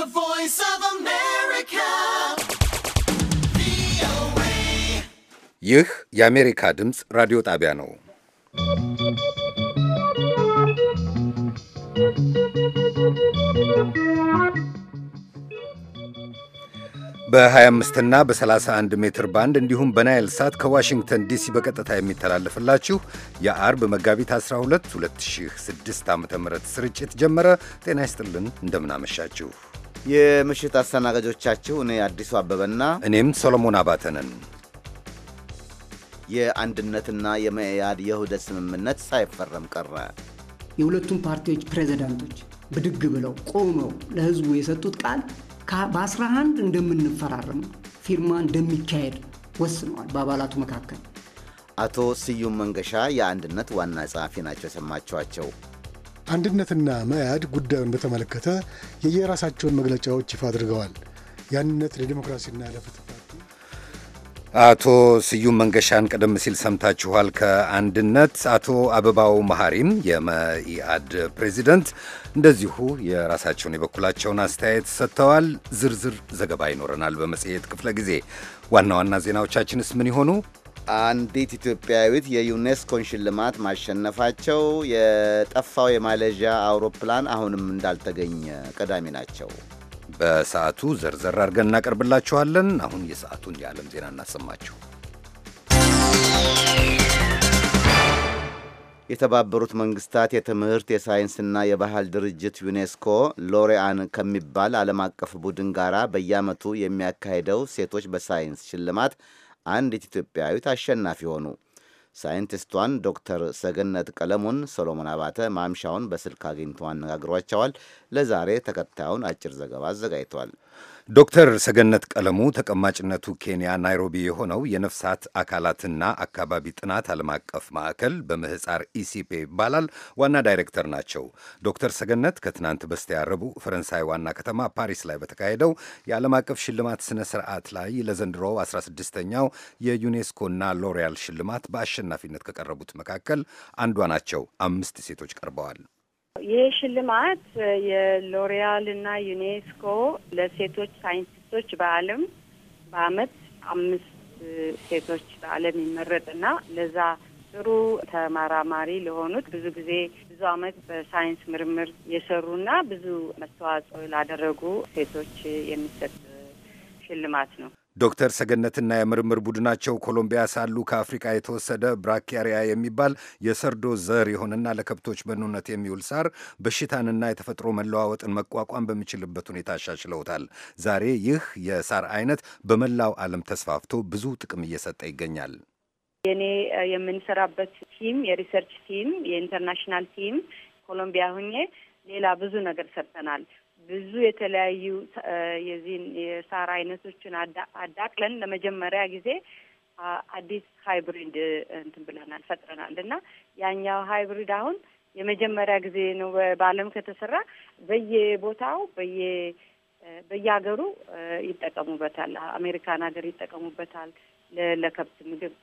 The voice of America. ይህ የአሜሪካ ድምፅ ራዲዮ ጣቢያ ነው። በ25 እና በ31 ሜትር ባንድ እንዲሁም በናይል ሳት ከዋሽንግተን ዲሲ በቀጥታ የሚተላለፍላችሁ የአርብ መጋቢት 12 2006 ዓ ም ስርጭት ጀመረ። ጤና ይስጥልን፣ እንደምናመሻችሁ የምሽት አስተናጋጆቻችሁ እኔ አዲሱ አበበና እኔም ሰሎሞን አባተነን። የአንድነትና የመኢአድ የውህደት ስምምነት ሳይፈረም ቀረ። የሁለቱም ፓርቲዎች ፕሬዚዳንቶች ብድግ ብለው ቆመው ለህዝቡ የሰጡት ቃል በ11 እንደምንፈራረም ፊርማ እንደሚካሄድ ወስነዋል በአባላቱ መካከል። አቶ ስዩም መንገሻ የአንድነት ዋና ጸሐፊ ናቸው የሰማችኋቸው። አንድነትና መያድ ጉዳዩን በተመለከተ የየራሳቸውን መግለጫዎች ይፋ አድርገዋል። የአንድነት ለዲሞክራሲና ለፍትህ አቶ ስዩም መንገሻን ቀደም ሲል ሰምታችኋል። ከአንድነት አቶ አበባው መሐሪም የመኢአድ ፕሬዚደንት እንደዚሁ የራሳቸውን የበኩላቸውን አስተያየት ሰጥተዋል። ዝርዝር ዘገባ ይኖረናል በመጽሔት ክፍለ ጊዜ። ዋና ዋና ዜናዎቻችንስ ምን ይሆኑ? አንዲት ኢትዮጵያዊት የዩኔስኮን ሽልማት ማሸነፋቸው፣ የጠፋው የማሌዥያ አውሮፕላን አሁንም እንዳልተገኘ ቀዳሚ ናቸው። በሰዓቱ ዘርዘር አድርገን እናቀርብላችኋለን። አሁን የሰዓቱን የዓለም ዜና እናሰማችሁ። የተባበሩት መንግስታት የትምህርት የሳይንስና የባህል ድርጅት ዩኔስኮ ሎሪያን ከሚባል ዓለም አቀፍ ቡድን ጋር በየዓመቱ የሚያካሄደው ሴቶች በሳይንስ ሽልማት አንዲት ኢትዮጵያዊት አሸናፊ ሆኑ። ሳይንቲስቷን ዶክተር ሰገነት ቀለሙን ሶሎሞን አባተ ማምሻውን በስልክ አግኝቶ አነጋግሯቸዋል። ለዛሬ ተከታዩን አጭር ዘገባ አዘጋጅቷል። ዶክተር ሰገነት ቀለሙ ተቀማጭነቱ ኬንያ ናይሮቢ የሆነው የነፍሳት አካላትና አካባቢ ጥናት ዓለም አቀፍ ማዕከል በምህፃር ኢሲፔ ይባላል ዋና ዳይሬክተር ናቸው። ዶክተር ሰገነት ከትናንት በስቲያ ረቡዕ ፈረንሳይ ዋና ከተማ ፓሪስ ላይ በተካሄደው የዓለም አቀፍ ሽልማት ስነ ስርዓት ላይ ለዘንድሮ 16ኛው የዩኔስኮና ሎሪያል ሽልማት በአሸናፊነት ከቀረቡት መካከል አንዷ ናቸው። አምስት ሴቶች ቀርበዋል። ይህ ሽልማት የሎሪያል እና ዩኔስኮ ለሴቶች ሳይንቲስቶች በዓለም በአመት አምስት ሴቶች በዓለም ይመረጥና ለዛ ጥሩ ተመራማሪ ለሆኑት ብዙ ጊዜ ብዙ አመት በሳይንስ ምርምር የሰሩና ብዙ መስተዋጽኦ ላደረጉ ሴቶች የሚሰጥ ሽልማት ነው። ዶክተር ሰገነትና የምርምር ቡድናቸው ኮሎምቢያ ሳሉ ከአፍሪቃ የተወሰደ ብራኪያሪያ የሚባል የሰርዶ ዘር የሆነና ለከብቶች መኖነት የሚውል ሳር በሽታንና የተፈጥሮ መለዋወጥን መቋቋም በሚችልበት ሁኔታ አሻሽለውታል። ዛሬ ይህ የሳር አይነት በመላው ዓለም ተስፋፍቶ ብዙ ጥቅም እየሰጠ ይገኛል። የኔ የምንሰራበት ቲም የሪሰርች ቲም የኢንተርናሽናል ቲም ኮሎምቢያ ሁኜ ሌላ ብዙ ነገር ሰርተናል። ብዙ የተለያዩ የዚህን የሳር አይነቶችን አዳቅለን ለመጀመሪያ ጊዜ አዲስ ሃይብሪድ እንትን ብለናል ፈጥረናል እና ያኛው ሃይብሪድ አሁን የመጀመሪያ ጊዜ ነው በዓለም ከተሰራ በየቦታው በየ በየሀገሩ ይጠቀሙበታል። አሜሪካን ሀገር ይጠቀሙበታል ለከብት ምግብ፣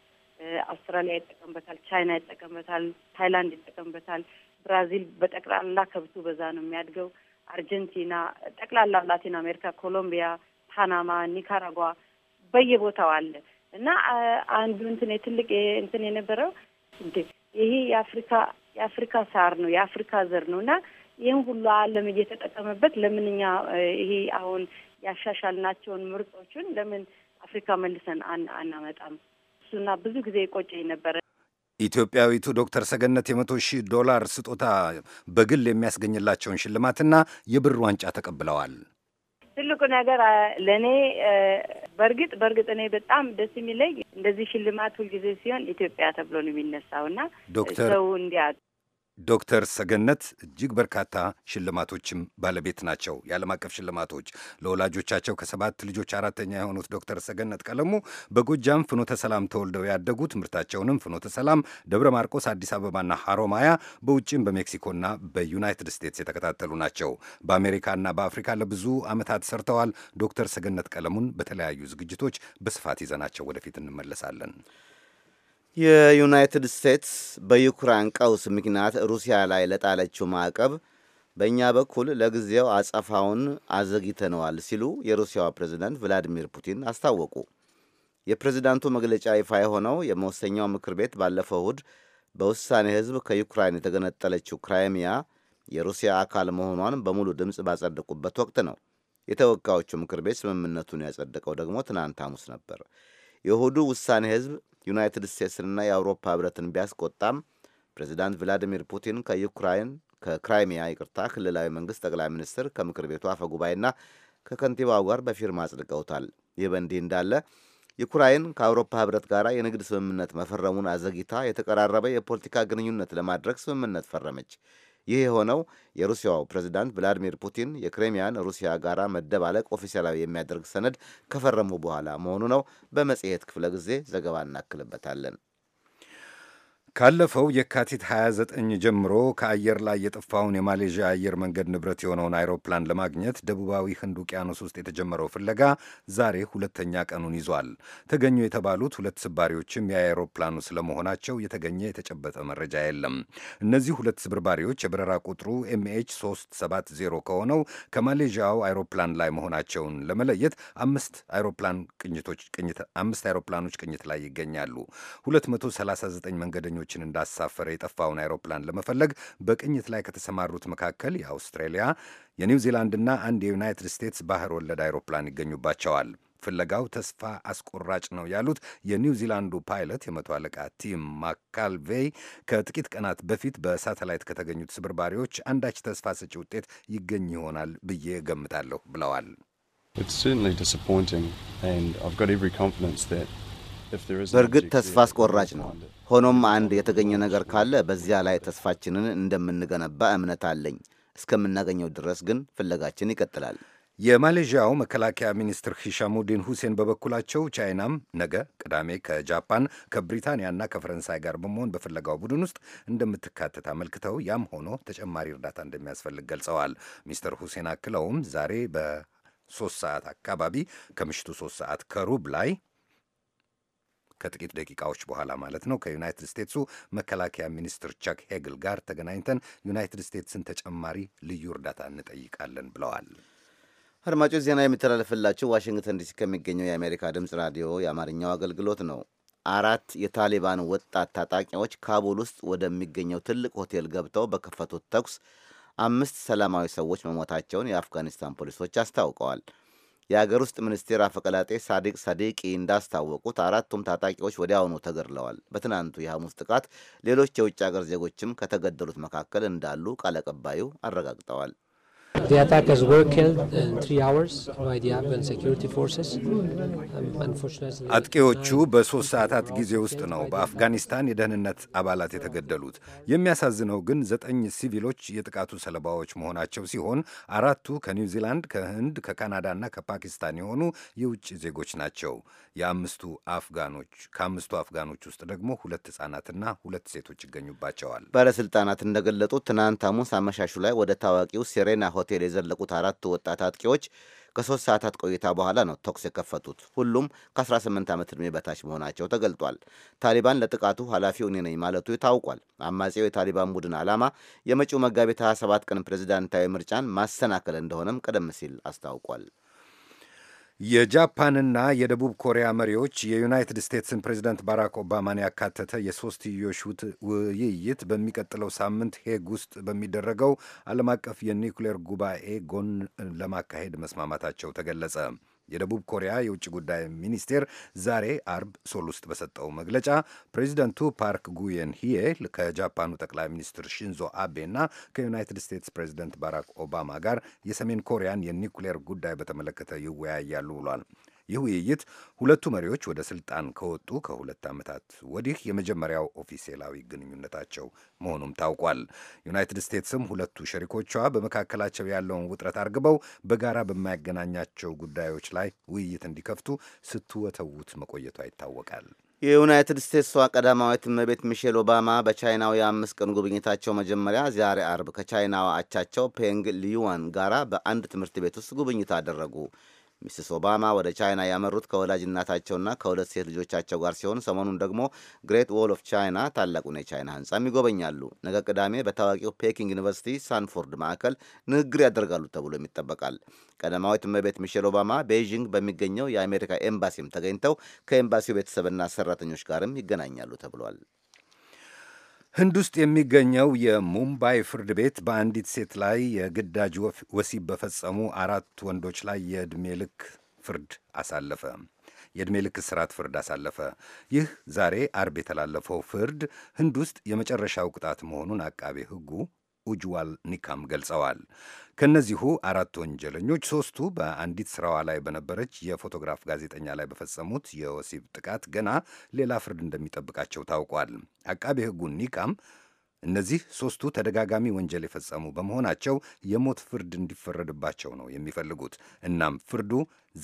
አውስትራሊያ ይጠቀምበታል፣ ቻይና ይጠቀምበታል፣ ታይላንድ ይጠቀምበታል፣ ብራዚል በጠቅላላ ከብቱ በዛ ነው የሚያድገው። አርጀንቲና፣ ጠቅላላ ላቲን አሜሪካ፣ ኮሎምቢያ፣ ፓናማ፣ ኒካራጓ በየቦታው አለ እና አንዱ እንትን ትልቅ እንትን የነበረው ይሄ የአፍሪካ የአፍሪካ ሳር ነው የአፍሪካ ዘር ነው እና ይህን ሁሉ ዓለም እየተጠቀመበት ለምንኛ ይሄ አሁን ያሻሻልናቸውን ምርቶችን ለምን አፍሪካ መልሰን አናመጣም? እሱና ብዙ ጊዜ ቆጨኝ ነበረ። ኢትዮጵያዊቱ ዶክተር ሰገነት የመቶ ሺህ ዶላር ስጦታ በግል የሚያስገኝላቸውን ሽልማትና የብር ዋንጫ ተቀብለዋል። ትልቁ ነገር ለእኔ በእርግጥ በእርግጥ እኔ በጣም ደስ የሚለኝ እንደዚህ ሽልማት ሁልጊዜ ሲሆን ኢትዮጵያ ተብሎ ነው የሚነሳው እና ሰው እንዲያ ዶክተር ሰገነት እጅግ በርካታ ሽልማቶችም ባለቤት ናቸው። የዓለም አቀፍ ሽልማቶች ለወላጆቻቸው ከሰባት ልጆች አራተኛ የሆኑት ዶክተር ሰገነት ቀለሙ በጎጃም ፍኖተ ሰላም ተወልደው ያደጉ ትምህርታቸውንም ፍኖተ ሰላም፣ ደብረ ማርቆስ፣ አዲስ አበባና ሐሮማያ በውጭም በሜክሲኮና በዩናይትድ ስቴትስ የተከታተሉ ናቸው። በአሜሪካና በአፍሪካ ለብዙ ዓመታት ሰርተዋል። ዶክተር ሰገነት ቀለሙን በተለያዩ ዝግጅቶች በስፋት ይዘናቸው ወደፊት እንመለሳለን። የዩናይትድ ስቴትስ በዩክራይን ቀውስ ምክንያት ሩሲያ ላይ ለጣለችው ማዕቀብ በእኛ በኩል ለጊዜው አጸፋውን አዘግይተነዋል ሲሉ የሩሲያዋ ፕሬዝዳንት ቭላዲሚር ፑቲን አስታወቁ። የፕሬዝዳንቱ መግለጫ ይፋ የሆነው የመወሰኛው ምክር ቤት ባለፈው እሁድ በውሳኔ ሕዝብ ከዩክራይን የተገነጠለችው ክራይሚያ የሩሲያ አካል መሆኗን በሙሉ ድምፅ ባጸደቁበት ወቅት ነው። የተወካዮቹ ምክር ቤት ስምምነቱን ያጸደቀው ደግሞ ትናንት ሐሙስ ነበር። የእሁዱ ውሳኔ ሕዝብ ዩናይትድ ስቴትስንና የአውሮፓ ህብረትን ቢያስቆጣም ፕሬዚዳንት ቭላዲሚር ፑቲን ከዩክራይን ከክራይሚያ ይቅርታ ክልላዊ መንግስት ጠቅላይ ሚኒስትር ከምክር ቤቱ አፈጉባኤና ከከንቲባው ጋር በፊርማ አጽድቀውታል። ይህ በእንዲህ እንዳለ ዩክራይን ከአውሮፓ ህብረት ጋር የንግድ ስምምነት መፈረሙን አዘግይታ የተቀራረበ የፖለቲካ ግንኙነት ለማድረግ ስምምነት ፈረመች። ይህ የሆነው የሩሲያው ፕሬዚዳንት ቭላዲሚር ፑቲን የክሬሚያን ሩሲያ ጋር መደባለቅ ኦፊሴላዊ የሚያደርግ ሰነድ ከፈረሙ በኋላ መሆኑ ነው። በመጽሔት ክፍለ ጊዜ ዘገባ እናክልበታለን። ካለፈው የካቲት 29 ጀምሮ ከአየር ላይ የጠፋውን የማሌዥያ አየር መንገድ ንብረት የሆነውን አይሮፕላን ለማግኘት ደቡባዊ ህንድ ውቅያኖስ ውስጥ የተጀመረው ፍለጋ ዛሬ ሁለተኛ ቀኑን ይዟል። ተገኙ የተባሉት ሁለት ስባሪዎችም የአይሮፕላኑ ስለመሆናቸው የተገኘ የተጨበጠ መረጃ የለም። እነዚህ ሁለት ስብርባሪዎች የበረራ ቁጥሩ ኤምኤች 370 ከሆነው ከማሌዥያው አይሮፕላን ላይ መሆናቸውን ለመለየት አምስት አይሮፕላን ቅኝቶች አምስት አይሮፕላኖች ቅኝት ላይ ይገኛሉ። 239 መንገደኞች ተጓዦችን እንዳሳፈረ የጠፋውን አይሮፕላን ለመፈለግ በቅኝት ላይ ከተሰማሩት መካከል የአውስትሬሊያ የኒው ዚላንድና አንድ የዩናይትድ ስቴትስ ባህር ወለድ አይሮፕላን ይገኙባቸዋል። ፍለጋው ተስፋ አስቆራጭ ነው ያሉት የኒው ዚላንዱ ፓይለት የመቶ አለቃ ቲም ማካልቬይ ከጥቂት ቀናት በፊት በሳተላይት ከተገኙት ስብርባሪዎች አንዳች ተስፋ ሰጪ ውጤት ይገኝ ይሆናል ብዬ ገምታለሁ ብለዋል። በእርግጥ ተስፋ አስቆራጭ ነው። ሆኖም አንድ የተገኘ ነገር ካለ በዚያ ላይ ተስፋችንን እንደምንገነባ እምነት አለኝ። እስከምናገኘው ድረስ ግን ፍለጋችን ይቀጥላል። የማሌዥያው መከላከያ ሚኒስትር ሂሻሙዲን ሁሴን በበኩላቸው ቻይናም ነገ ቅዳሜ ከጃፓን ከብሪታንያና ከፈረንሳይ ጋር በመሆን በፍለጋው ቡድን ውስጥ እንደምትካተት አመልክተው ያም ሆኖ ተጨማሪ እርዳታ እንደሚያስፈልግ ገልጸዋል። ሚስተር ሁሴን አክለውም ዛሬ በሶስት ሰዓት አካባቢ ከምሽቱ ሶስት ሰዓት ከሩብ ላይ ከጥቂት ደቂቃዎች በኋላ ማለት ነው ከዩናይትድ ስቴትሱ መከላከያ ሚኒስትር ቸክ ሄግል ጋር ተገናኝተን ዩናይትድ ስቴትስን ተጨማሪ ልዩ እርዳታ እንጠይቃለን ብለዋል። አድማጮች ዜና የሚተላለፍላችሁ ዋሽንግተን ዲሲ ከሚገኘው የአሜሪካ ድምፅ ራዲዮ የአማርኛው አገልግሎት ነው። አራት የታሊባን ወጣት ታጣቂዎች ካቡል ውስጥ ወደሚገኘው ትልቅ ሆቴል ገብተው በከፈቱት ተኩስ አምስት ሰላማዊ ሰዎች መሞታቸውን የአፍጋኒስታን ፖሊሶች አስታውቀዋል። የአገር ውስጥ ሚኒስቴር አፈቀላጤ ሳዲቅ ሳዲቂ እንዳስታወቁት አራቱም ታጣቂዎች ወዲያውኑ ተገድለዋል። በትናንቱ የሐሙስ ጥቃት ሌሎች የውጭ አገር ዜጎችም ከተገደሉት መካከል እንዳሉ ቃል አቀባዩ አረጋግጠዋል። The attackers were killed in three hours by the Afghan security forces. Um, አጥቂዎቹ በሦስት ሰዓታት ጊዜ ውስጥ ነው በአፍጋኒስታን የደህንነት አባላት የተገደሉት። የሚያሳዝነው ግን ዘጠኝ ሲቪሎች የጥቃቱ ሰለባዎች መሆናቸው ሲሆን አራቱ ከኒውዚላንድ፣ ከህንድ፣ ከካናዳና ከፓኪስታን የሆኑ የውጭ ዜጎች ናቸው። የአምስቱ አፍጋኖች ከአምስቱ አፍጋኖች ውስጥ ደግሞ ሁለት ህጻናትና ሁለት ሴቶች ይገኙባቸዋል። ባለስልጣናት እንደገለጡት ትናንት ሐሙስ አመሻሹ ላይ ወደ ታዋቂው ሲሬና ሆቴል የዘለቁት አራቱ ወጣት አጥቂዎች ከሶስት ሰዓታት ቆይታ በኋላ ነው ተኩስ የከፈቱት። ሁሉም ከ18 ዓመት ዕድሜ በታች መሆናቸው ተገልጧል። ታሊባን ለጥቃቱ ኃላፊው እኔ ነኝ ማለቱ ታውቋል። አማጺው የታሊባን ቡድን ዓላማ የመጪው መጋቢት 27 ቀን ፕሬዚዳንታዊ ምርጫን ማሰናከል እንደሆነም ቀደም ሲል አስታውቋል። የጃፓንና የደቡብ ኮሪያ መሪዎች የዩናይትድ ስቴትስን ፕሬዚደንት ባራክ ኦባማን ያካተተ የሶስትዮሽ ውይይት በሚቀጥለው ሳምንት ሄግ ውስጥ በሚደረገው ዓለም አቀፍ የኒውክሌር ጉባኤ ጎን ለማካሄድ መስማማታቸው ተገለጸ። የደቡብ ኮሪያ የውጭ ጉዳይ ሚኒስቴር ዛሬ አርብ ሶል ውስጥ በሰጠው መግለጫ ፕሬዚደንቱ ፓርክ ጉየን ሂዬ ከጃፓኑ ጠቅላይ ሚኒስትር ሽንዞ አቤና ከዩናይትድ ስቴትስ ፕሬዚደንት ባራክ ኦባማ ጋር የሰሜን ኮሪያን የኒውክሌር ጉዳይ በተመለከተ ይወያያሉ ብሏል። ይህ ውይይት ሁለቱ መሪዎች ወደ ስልጣን ከወጡ ከሁለት ዓመታት ወዲህ የመጀመሪያው ኦፊሴላዊ ግንኙነታቸው መሆኑም ታውቋል። ዩናይትድ ስቴትስም ሁለቱ ሸሪኮቿ በመካከላቸው ያለውን ውጥረት አርግበው በጋራ በማያገናኛቸው ጉዳዮች ላይ ውይይት እንዲከፍቱ ስትወተውት መቆየቷ ይታወቃል። የዩናይትድ ስቴትሷ ቀዳማዊት እመቤት ሚሼል ኦባማ በቻይናው የአምስት ቀን ጉብኝታቸው መጀመሪያ ዛሬ አርብ ከቻይናዋ አቻቸው ፔንግ ሊዩዋን ጋራ በአንድ ትምህርት ቤት ውስጥ ጉብኝት አደረጉ። ሚስስ ኦባማ ወደ ቻይና ያመሩት ከወላጅ እናታቸውና ከሁለት ሴት ልጆቻቸው ጋር ሲሆን ሰሞኑን ደግሞ ግሬት ዎል ኦፍ ቻይና ታላቁን የቻይና ህንፃም ይጎበኛሉ። ነገ ቅዳሜ በታዋቂው ፔኪንግ ዩኒቨርሲቲ ሳንፎርድ ማዕከል ንግግር ያደርጋሉ ተብሎ ይጠበቃል። ቀዳማዊት እመቤት ሚሼል ኦባማ ቤይዥንግ በሚገኘው የአሜሪካ ኤምባሲም ተገኝተው ከኤምባሲው ቤተሰብና ሰራተኞች ጋርም ይገናኛሉ ተብሏል። ህንድ ውስጥ የሚገኘው የሙምባይ ፍርድ ቤት በአንዲት ሴት ላይ የግዳጅ ወሲብ በፈጸሙ አራት ወንዶች ላይ የዕድሜ ልክ ፍርድ አሳለፈ። የዕድሜ ልክ እስራት ፍርድ አሳለፈ። ይህ ዛሬ አርብ የተላለፈው ፍርድ ህንድ ውስጥ የመጨረሻው ቅጣት መሆኑን አቃቤ ህጉ ኡጅዋል ኒካም ገልጸዋል። ከእነዚሁ አራት ወንጀለኞች ሦስቱ በአንዲት ስራዋ ላይ በነበረች የፎቶግራፍ ጋዜጠኛ ላይ በፈጸሙት የወሲብ ጥቃት ገና ሌላ ፍርድ እንደሚጠብቃቸው ታውቋል። አቃቤ ሕጉ ኒካም እነዚህ ሦስቱ ተደጋጋሚ ወንጀል የፈጸሙ በመሆናቸው የሞት ፍርድ እንዲፈረድባቸው ነው የሚፈልጉት። እናም ፍርዱ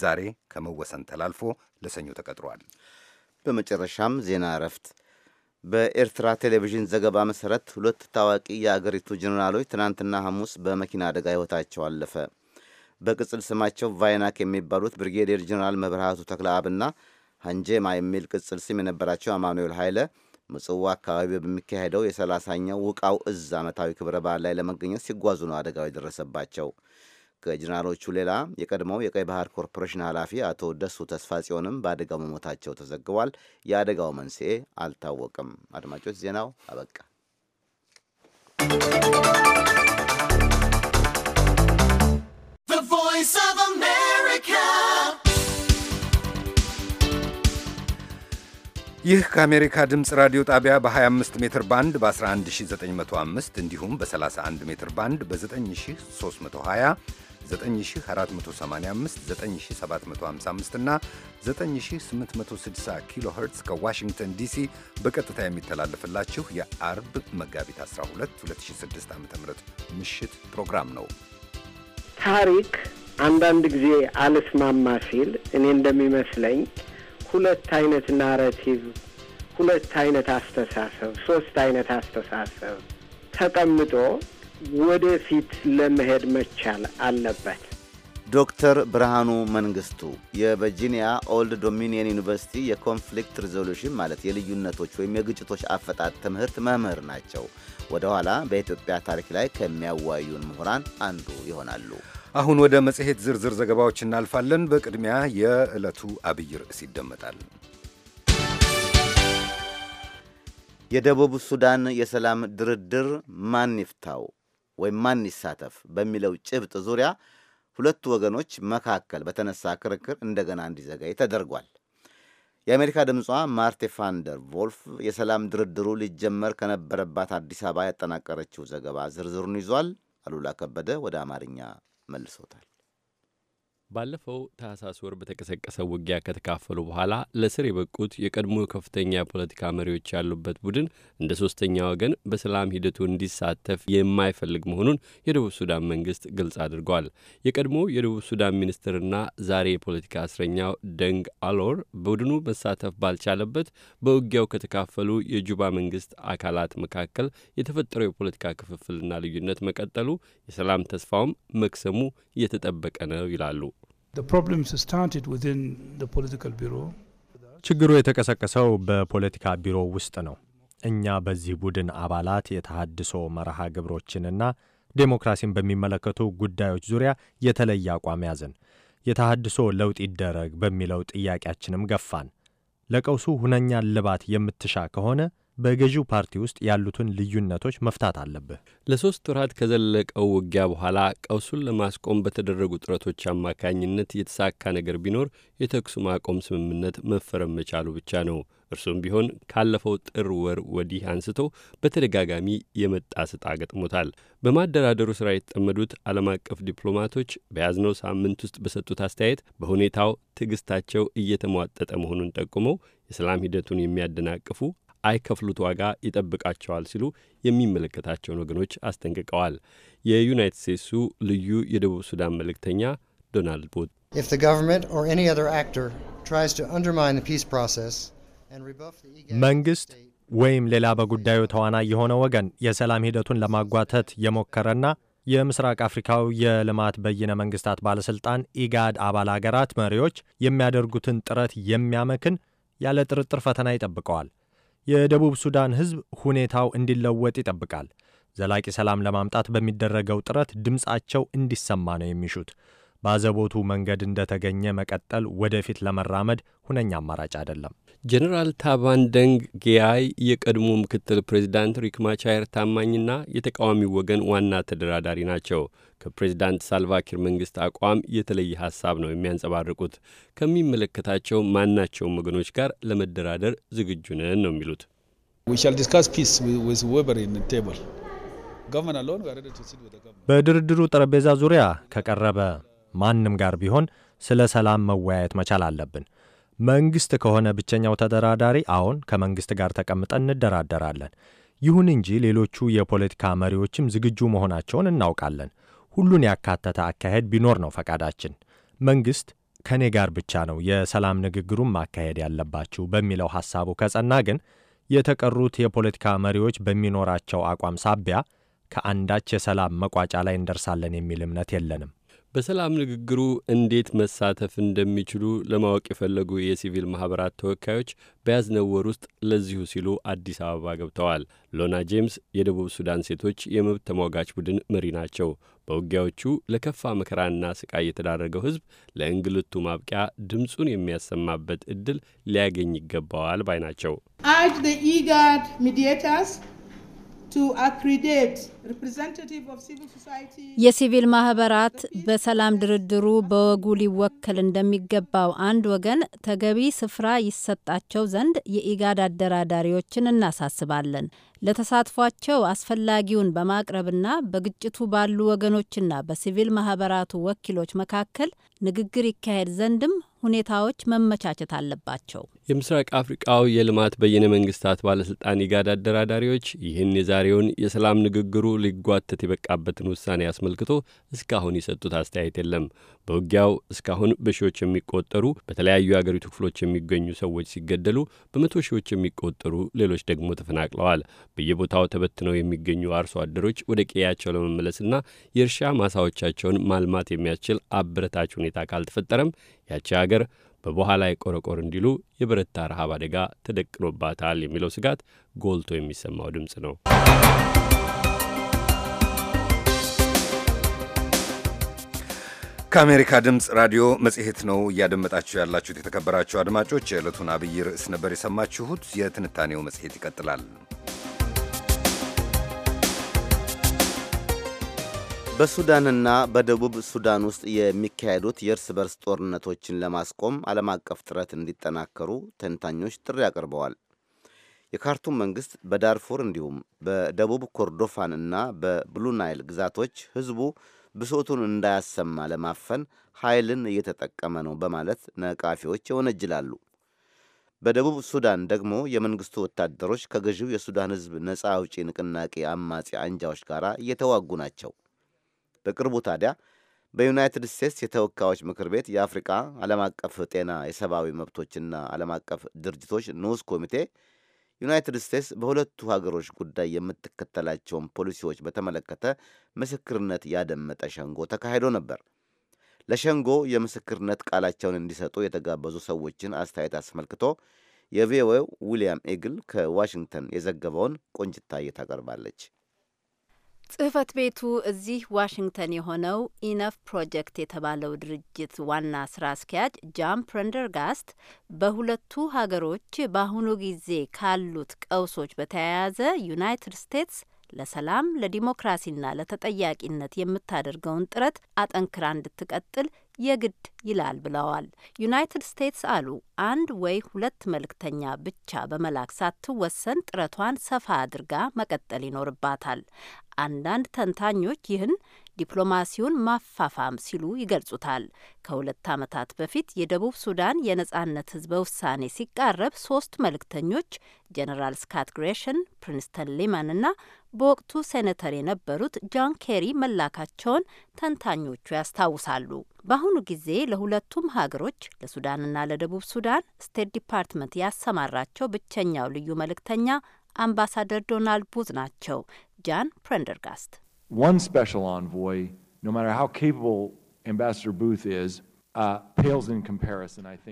ዛሬ ከመወሰን ተላልፎ ለሰኞ ተቀጥሯል። በመጨረሻም ዜና እረፍት በኤርትራ ቴሌቪዥን ዘገባ መሠረት ሁለት ታዋቂ የአገሪቱ ጀኔራሎች ትናንትና ሐሙስ በመኪና አደጋ ሕይወታቸው አለፈ። በቅጽል ስማቸው ቫይናክ የሚባሉት ብሪጌዴር ጀኔራል መብርሃቱ ተክለአብና ሀንጄማ የሚል ቅጽል ስም የነበራቸው አማኑኤል ኃይለ ምጽዋ አካባቢ በሚካሄደው የሰላሳኛው ውቃው እዝ ዓመታዊ ክብረ በዓል ላይ ለመገኘት ሲጓዙ ነው አደጋው የደረሰባቸው። ከጀኔራሎቹ ሌላ የቀድሞው የቀይ ባህር ኮርፖሬሽን ኃላፊ አቶ ደሱ ተስፋ ጽዮንም በአደጋው መሞታቸው ተዘግቧል። የአደጋው መንስኤ አልታወቅም። አድማጮች፣ ዜናው አበቃ። ይህ ከአሜሪካ ድምፅ ራዲዮ ጣቢያ በ25 ሜትር ባንድ በ11905 እንዲሁም በ31 ሜትር ባንድ በ9320 9485 9755 እና 9860 ኪሎ ኸርትዝ ከዋሽንግተን ዲሲ በቀጥታ የሚተላለፍላችሁ የአርብ መጋቢት 12 2006 ዓ ም ምሽት ፕሮግራም ነው። ታሪክ አንዳንድ ጊዜ አልስማማ ሲል እኔ እንደሚመስለኝ ሁለት አይነት ናራቲቭ፣ ሁለት አይነት አስተሳሰብ፣ ሶስት አይነት አስተሳሰብ ተቀምጦ ወደፊት ለመሄድ መቻል አለበት። ዶክተር ብርሃኑ መንግስቱ የቨርጂኒያ ኦልድ ዶሚኒየን ዩኒቨርሲቲ የኮንፍሊክት ሪዞሉሽን ማለት የልዩነቶች ወይም የግጭቶች አፈጣት ትምህርት መምህር ናቸው። ወደ ኋላ በኢትዮጵያ ታሪክ ላይ ከሚያዋዩን ምሁራን አንዱ ይሆናሉ። አሁን ወደ መጽሔት ዝርዝር ዘገባዎች እናልፋለን። በቅድሚያ የዕለቱ አብይ ርዕስ ይደመጣል። የደቡብ ሱዳን የሰላም ድርድር ማን ይፍታው ወይም ማን ይሳተፍ በሚለው ጭብጥ ዙሪያ ሁለቱ ወገኖች መካከል በተነሳ ክርክር እንደገና እንዲዘገይ ተደርጓል። የአሜሪካ ድምጿ ማርቴ ፋንደር ቮልፍ የሰላም ድርድሩ ሊጀመር ከነበረባት አዲስ አበባ ያጠናቀረችው ዘገባ ዝርዝሩን ይዟል። አሉላ ከበደ ወደ አማርኛ መልሶታል። ባለፈው ታህሳስ ወር በተቀሰቀሰ ውጊያ ከተካፈሉ በኋላ ለስር የበቁት የቀድሞ ከፍተኛ የፖለቲካ መሪዎች ያሉበት ቡድን እንደ ሶስተኛ ወገን በሰላም ሂደቱ እንዲሳተፍ የማይፈልግ መሆኑን የደቡብ ሱዳን መንግስት ግልጽ አድርጓል። የቀድሞ የደቡብ ሱዳን ሚኒስትርና ዛሬ የፖለቲካ እስረኛው ደንግ አሎር ቡድኑ መሳተፍ ባልቻለበት በውጊያው ከተካፈሉ የጁባ መንግስት አካላት መካከል የተፈጠረው የፖለቲካ ክፍፍልና ልዩነት መቀጠሉ፣ የሰላም ተስፋውም መክሰሙ እየተጠበቀ ነው ይላሉ። ችግሩ የተቀሰቀሰው በፖለቲካ ቢሮ ውስጥ ነው። እኛ በዚህ ቡድን አባላት የተሃድሶ መርሃ ግብሮችንና ዴሞክራሲን በሚመለከቱ ጉዳዮች ዙሪያ የተለየ አቋም ያዝን። የተሃድሶ ለውጥ ይደረግ በሚለው ጥያቄያችንም ገፋን። ለቀውሱ ሁነኛ ልባት የምትሻ ከሆነ በገዢው ፓርቲ ውስጥ ያሉትን ልዩነቶች መፍታት አለብህ። ለሶስት ወራት ከዘለቀው ውጊያ በኋላ ቀውሱን ለማስቆም በተደረጉ ጥረቶች አማካኝነት የተሳካ ነገር ቢኖር የተኩስ ማቆም ስምምነት መፈረም መቻሉ ብቻ ነው። እርሱም ቢሆን ካለፈው ጥር ወር ወዲህ አንስቶ በተደጋጋሚ የመጣ ስጣ ገጥሞታል። በማደራደሩ ስራ የተጠመዱት ዓለም አቀፍ ዲፕሎማቶች በያዝነው ሳምንት ውስጥ በሰጡት አስተያየት በሁኔታው ትዕግስታቸው እየተሟጠጠ መሆኑን ጠቁመው የሰላም ሂደቱን የሚያደናቅፉ አይከፍሉት ዋጋ ይጠብቃቸዋል ሲሉ የሚመለከታቸውን ወገኖች አስጠንቅቀዋል። የዩናይትድ ስቴትሱ ልዩ የደቡብ ሱዳን መልእክተኛ ዶናልድ ቡት e መንግስት ወይም ሌላ በጉዳዩ ተዋናይ የሆነ ወገን የሰላም ሂደቱን ለማጓተት የሞከረና የምስራቅ አፍሪካው የልማት በይነ መንግስታት ባለሥልጣን ኢጋድ አባል አገራት መሪዎች የሚያደርጉትን ጥረት የሚያመክን ያለ ጥርጥር ፈተና ይጠብቀዋል። የደቡብ ሱዳን ሕዝብ ሁኔታው እንዲለወጥ ይጠብቃል። ዘላቂ ሰላም ለማምጣት በሚደረገው ጥረት ድምፃቸው እንዲሰማ ነው የሚሹት። በአዘቦቱ መንገድ እንደተገኘ መቀጠል ወደፊት ለመራመድ ሁነኛ አማራጭ አይደለም። ጀኔራል ታቫን ደንግ ጌያይ የቀድሞ ምክትል ፕሬዚዳንት ሪክ ማቻየር ታማኝና የተቃዋሚው ወገን ዋና ተደራዳሪ ናቸው። ከፕሬዚዳንት ሳልቫኪር መንግስት አቋም የተለየ ሀሳብ ነው የሚያንጸባርቁት። ከሚመለከታቸው ማናቸውም ወገኖች ጋር ለመደራደር ዝግጁ ነን ነው የሚሉት። በድርድሩ ጠረጴዛ ዙሪያ ከቀረበ ማንም ጋር ቢሆን ስለ ሰላም መወያየት መቻል አለብን። መንግሥት ከሆነ ብቸኛው ተደራዳሪ፣ አሁን ከመንግሥት ጋር ተቀምጠን እንደራደራለን። ይሁን እንጂ ሌሎቹ የፖለቲካ መሪዎችም ዝግጁ መሆናቸውን እናውቃለን። ሁሉን ያካተተ አካሄድ ቢኖር ነው ፈቃዳችን። መንግሥት ከእኔ ጋር ብቻ ነው የሰላም ንግግሩን ማካሄድ ያለባችሁ በሚለው ሐሳቡ ከጸና ግን የተቀሩት የፖለቲካ መሪዎች በሚኖራቸው አቋም ሳቢያ ከአንዳች የሰላም መቋጫ ላይ እንደርሳለን የሚል እምነት የለንም። በሰላም ንግግሩ እንዴት መሳተፍ እንደሚችሉ ለማወቅ የፈለጉ የሲቪል ማኅበራት ተወካዮች በያዝነወር ውስጥ ለዚሁ ሲሉ አዲስ አበባ ገብተዋል። ሎና ጄምስ የደቡብ ሱዳን ሴቶች የመብት ተሟጋች ቡድን መሪ ናቸው። በውጊያዎቹ ለከፋ መከራና ስቃይ የተዳረገው ሕዝብ ለእንግልቱ ማብቂያ ድምፁን የሚያሰማበት ዕድል ሊያገኝ ይገባዋል ባይ ናቸው። የሲቪል ማህበራት በሰላም ድርድሩ በወጉ ሊወከል እንደሚገባው አንድ ወገን ተገቢ ስፍራ ይሰጣቸው ዘንድ የኢጋድ አደራዳሪዎችን እናሳስባለን። ለተሳትፏቸው አስፈላጊውን በማቅረብና በግጭቱ ባሉ ወገኖችና በሲቪል ማህበራቱ ወኪሎች መካከል ንግግር ይካሄድ ዘንድም ሁኔታዎች መመቻቸት አለባቸው። የምስራቅ አፍሪቃው የልማት በይነ መንግስታት ባለስልጣን ኢጋድ አደራዳሪዎች ይህን የዛሬውን የሰላም ንግግሩ ሊጓተት የበቃበትን ውሳኔ አስመልክቶ እስካሁን የሰጡት አስተያየት የለም። በውጊያው እስካሁን በሺዎች የሚቆጠሩ በተለያዩ የአገሪቱ ክፍሎች የሚገኙ ሰዎች ሲገደሉ በመቶ ሺዎች የሚቆጠሩ ሌሎች ደግሞ ተፈናቅለዋል። በየቦታው ተበትነው የሚገኙ አርሶ አደሮች ወደ ቀያቸው ለመመለስና የእርሻ ማሳዎቻቸውን ማልማት የሚያስችል አበረታች ሁኔታ ካልተፈጠረም ያቺ አገር በበኋላ የቆረቆር እንዲሉ የበረታ ረሃብ አደጋ ተደቅኖባታል የሚለው ስጋት ጎልቶ የሚሰማው ድምፅ ነው። ከአሜሪካ ድምፅ ራዲዮ መጽሔት ነው እያደመጣችሁ ያላችሁት። የተከበራችሁ አድማጮች የዕለቱን አብይ ርዕስ ነበር የሰማችሁት። የትንታኔው መጽሔት ይቀጥላል። በሱዳንና በደቡብ ሱዳን ውስጥ የሚካሄዱት የእርስ በርስ ጦርነቶችን ለማስቆም ዓለም አቀፍ ጥረት እንዲጠናከሩ ተንታኞች ጥሪ አቅርበዋል። የካርቱም መንግሥት በዳርፉር እንዲሁም በደቡብ ኮርዶፋን እና በብሉናይል ግዛቶች ሕዝቡ ብሶቱን እንዳያሰማ ለማፈን ኃይልን እየተጠቀመ ነው በማለት ነቃፊዎች ይወነጅላሉ። በደቡብ ሱዳን ደግሞ የመንግስቱ ወታደሮች ከገዢው የሱዳን ሕዝብ ነፃ አውጪ ንቅናቄ አማጺ አንጃዎች ጋር እየተዋጉ ናቸው። በቅርቡ ታዲያ በዩናይትድ ስቴትስ የተወካዮች ምክር ቤት የአፍሪቃ ዓለም አቀፍ ጤና የሰብአዊ መብቶችና ዓለም አቀፍ ድርጅቶች ንዑስ ኮሚቴ ዩናይትድ ስቴትስ በሁለቱ ሀገሮች ጉዳይ የምትከተላቸውን ፖሊሲዎች በተመለከተ ምስክርነት ያደመጠ ሸንጎ ተካሂዶ ነበር። ለሸንጎ የምስክርነት ቃላቸውን እንዲሰጡ የተጋበዙ ሰዎችን አስተያየት አስመልክቶ የቪኦኤው ዊልያም ኤግል ከዋሽንግተን የዘገበውን ቆንጅታ ታቀርባለች። ጽህፈት ቤቱ እዚህ ዋሽንግተን የሆነው ኢነፍ ፕሮጀክት የተባለው ድርጅት ዋና ስራ አስኪያጅ ጃም ፕረንደርጋስት በሁለቱ ሀገሮች በአሁኑ ጊዜ ካሉት ቀውሶች በተያያዘ ዩናይትድ ስቴትስ ለሰላም ለዲሞክራሲና ለተጠያቂነት የምታደርገውን ጥረት አጠንክራ እንድትቀጥል የግድ ይላል ብለዋል። ዩናይትድ ስቴትስ አሉ አንድ ወይ ሁለት መልእክተኛ ብቻ በመላክ ሳትወሰን ጥረቷን ሰፋ አድርጋ መቀጠል ይኖርባታል። አንዳንድ ተንታኞች ይህን ዲፕሎማሲውን ማፋፋም ሲሉ ይገልጹታል። ከሁለት ዓመታት በፊት የደቡብ ሱዳን የነጻነት ህዝበ ውሳኔ ሲቃረብ ሶስት መልእክተኞች ጀነራል ስካት ግሬሽን፣ ፕሪንስተን ሊማን እና በወቅቱ ሴኔተር የነበሩት ጆን ኬሪ መላካቸውን ተንታኞቹ ያስታውሳሉ። በአሁኑ ጊዜ ለሁለቱም ሀገሮች ለሱዳንና ለደቡብ ሱዳን ስቴት ዲፓርትመንት ያሰማራቸው ብቸኛው ልዩ መልእክተኛ አምባሳደር ዶናልድ ቡዝ ናቸው። ጃን ፕረንደርጋስት one special envoy, no matter how capable Ambassador Booth is,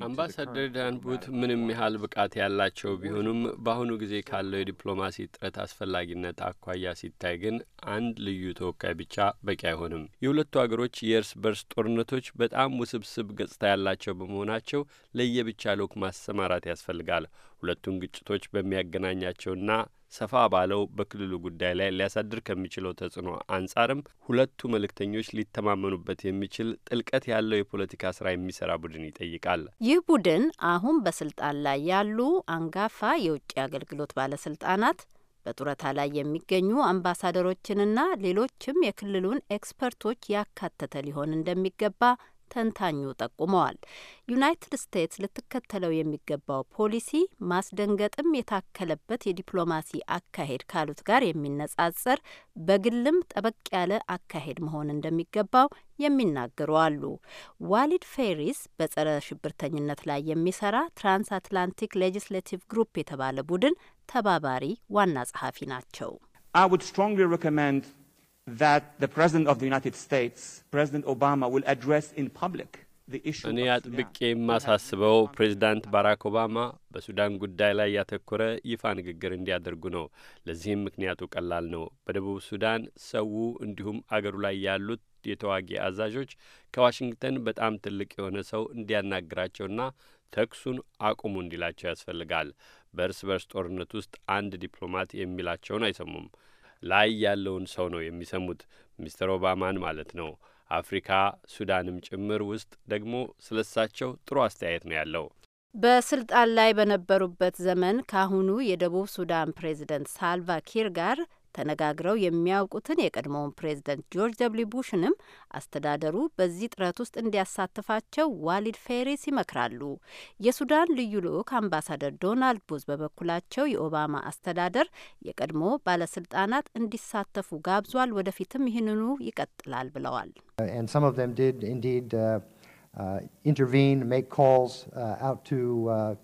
አምባሳደር ዳን ቡት ምንም ያህል ብቃት ያላቸው ቢሆኑም በአሁኑ ጊዜ ካለው የዲፕሎማሲ ጥረት አስፈላጊነት አኳያ ሲታይ ግን አንድ ልዩ ተወካይ ብቻ በቂ አይሆንም። የሁለቱ አገሮች የእርስ በርስ ጦርነቶች በጣም ውስብስብ ገጽታ ያላቸው በመሆናቸው ለየብቻ ልዑክ ማሰማራት ያስፈልጋል። ሁለቱን ግጭቶች በሚያገናኛቸውና ሰፋ ባለው በክልሉ ጉዳይ ላይ ሊያሳድር ከሚችለው ተጽዕኖ አንጻርም ሁለቱ መልእክተኞች ሊተማመኑበት የሚችል ጥልቀት ያለው የፖለቲካ ስራ የሚሰራ ቡድን ይጠይቃል። ይህ ቡድን አሁን በስልጣን ላይ ያሉ አንጋፋ የውጭ አገልግሎት ባለስልጣናት በጡረታ ላይ የሚገኙ አምባሳደሮችንና ሌሎችም የክልሉን ኤክስፐርቶች ያካተተ ሊሆን እንደሚገባ ተንታኙ ጠቁመዋል። ዩናይትድ ስቴትስ ልትከተለው የሚገባው ፖሊሲ ማስደንገጥም የታከለበት የዲፕሎማሲ አካሄድ ካሉት ጋር የሚነጻጸር በግልም ጠበቅ ያለ አካሄድ መሆን እንደሚገባው የሚናገሩ አሉ። ዋሊድ ፌሪስ በጸረ ሽብርተኝነት ላይ የሚሰራ ትራንስ አትላንቲክ ሌጅስሌቲቭ ግሩፕ የተባለ ቡድን ተባባሪ ዋና ጸሐፊ ናቸው። that the President of the United States, President Obama, will address in public. እኔ አጥብቄ የማሳስበው ፕሬዚዳንት ባራክ ኦባማ በሱዳን ጉዳይ ላይ ያተኮረ ይፋ ንግግር እንዲያደርጉ ነው። ለዚህም ምክንያቱ ቀላል ነው። በደቡብ ሱዳን ሰው እንዲሁም አገሩ ላይ ያሉት የተዋጊ አዛዦች ከዋሽንግተን በጣም ትልቅ የሆነ ሰው እንዲያናግራቸውና ተኩሱን አቁሙ እንዲላቸው ያስፈልጋል። በእርስ በርስ ጦርነት ውስጥ አንድ ዲፕሎማት የሚላቸውን አይሰሙም። ላይ ያለውን ሰው ነው የሚሰሙት። ሚስተር ኦባማን ማለት ነው። አፍሪካ ሱዳንም ጭምር ውስጥ ደግሞ ስለሳቸው ጥሩ አስተያየት ነው ያለው። በስልጣን ላይ በነበሩበት ዘመን ካሁኑ የደቡብ ሱዳን ፕሬዝደንት ሳልቫ ኪር ጋር ተነጋግረው የሚያውቁትን የቀድሞውን ፕሬዝደንት ጆርጅ ደብልዩ ቡሽንም አስተዳደሩ በዚህ ጥረት ውስጥ እንዲያሳትፋቸው ዋሊድ ፌሬስ ይመክራሉ። የሱዳን ልዩ ልዑክ አምባሳደር ዶናልድ ቡዝ በበኩላቸው የኦባማ አስተዳደር የቀድሞ ባለስልጣናት እንዲሳተፉ ጋብዟል፣ ወደፊትም ይህንኑ ይቀጥላል ብለዋል። ኢንተርቪን ሜክ ኮልስ አውት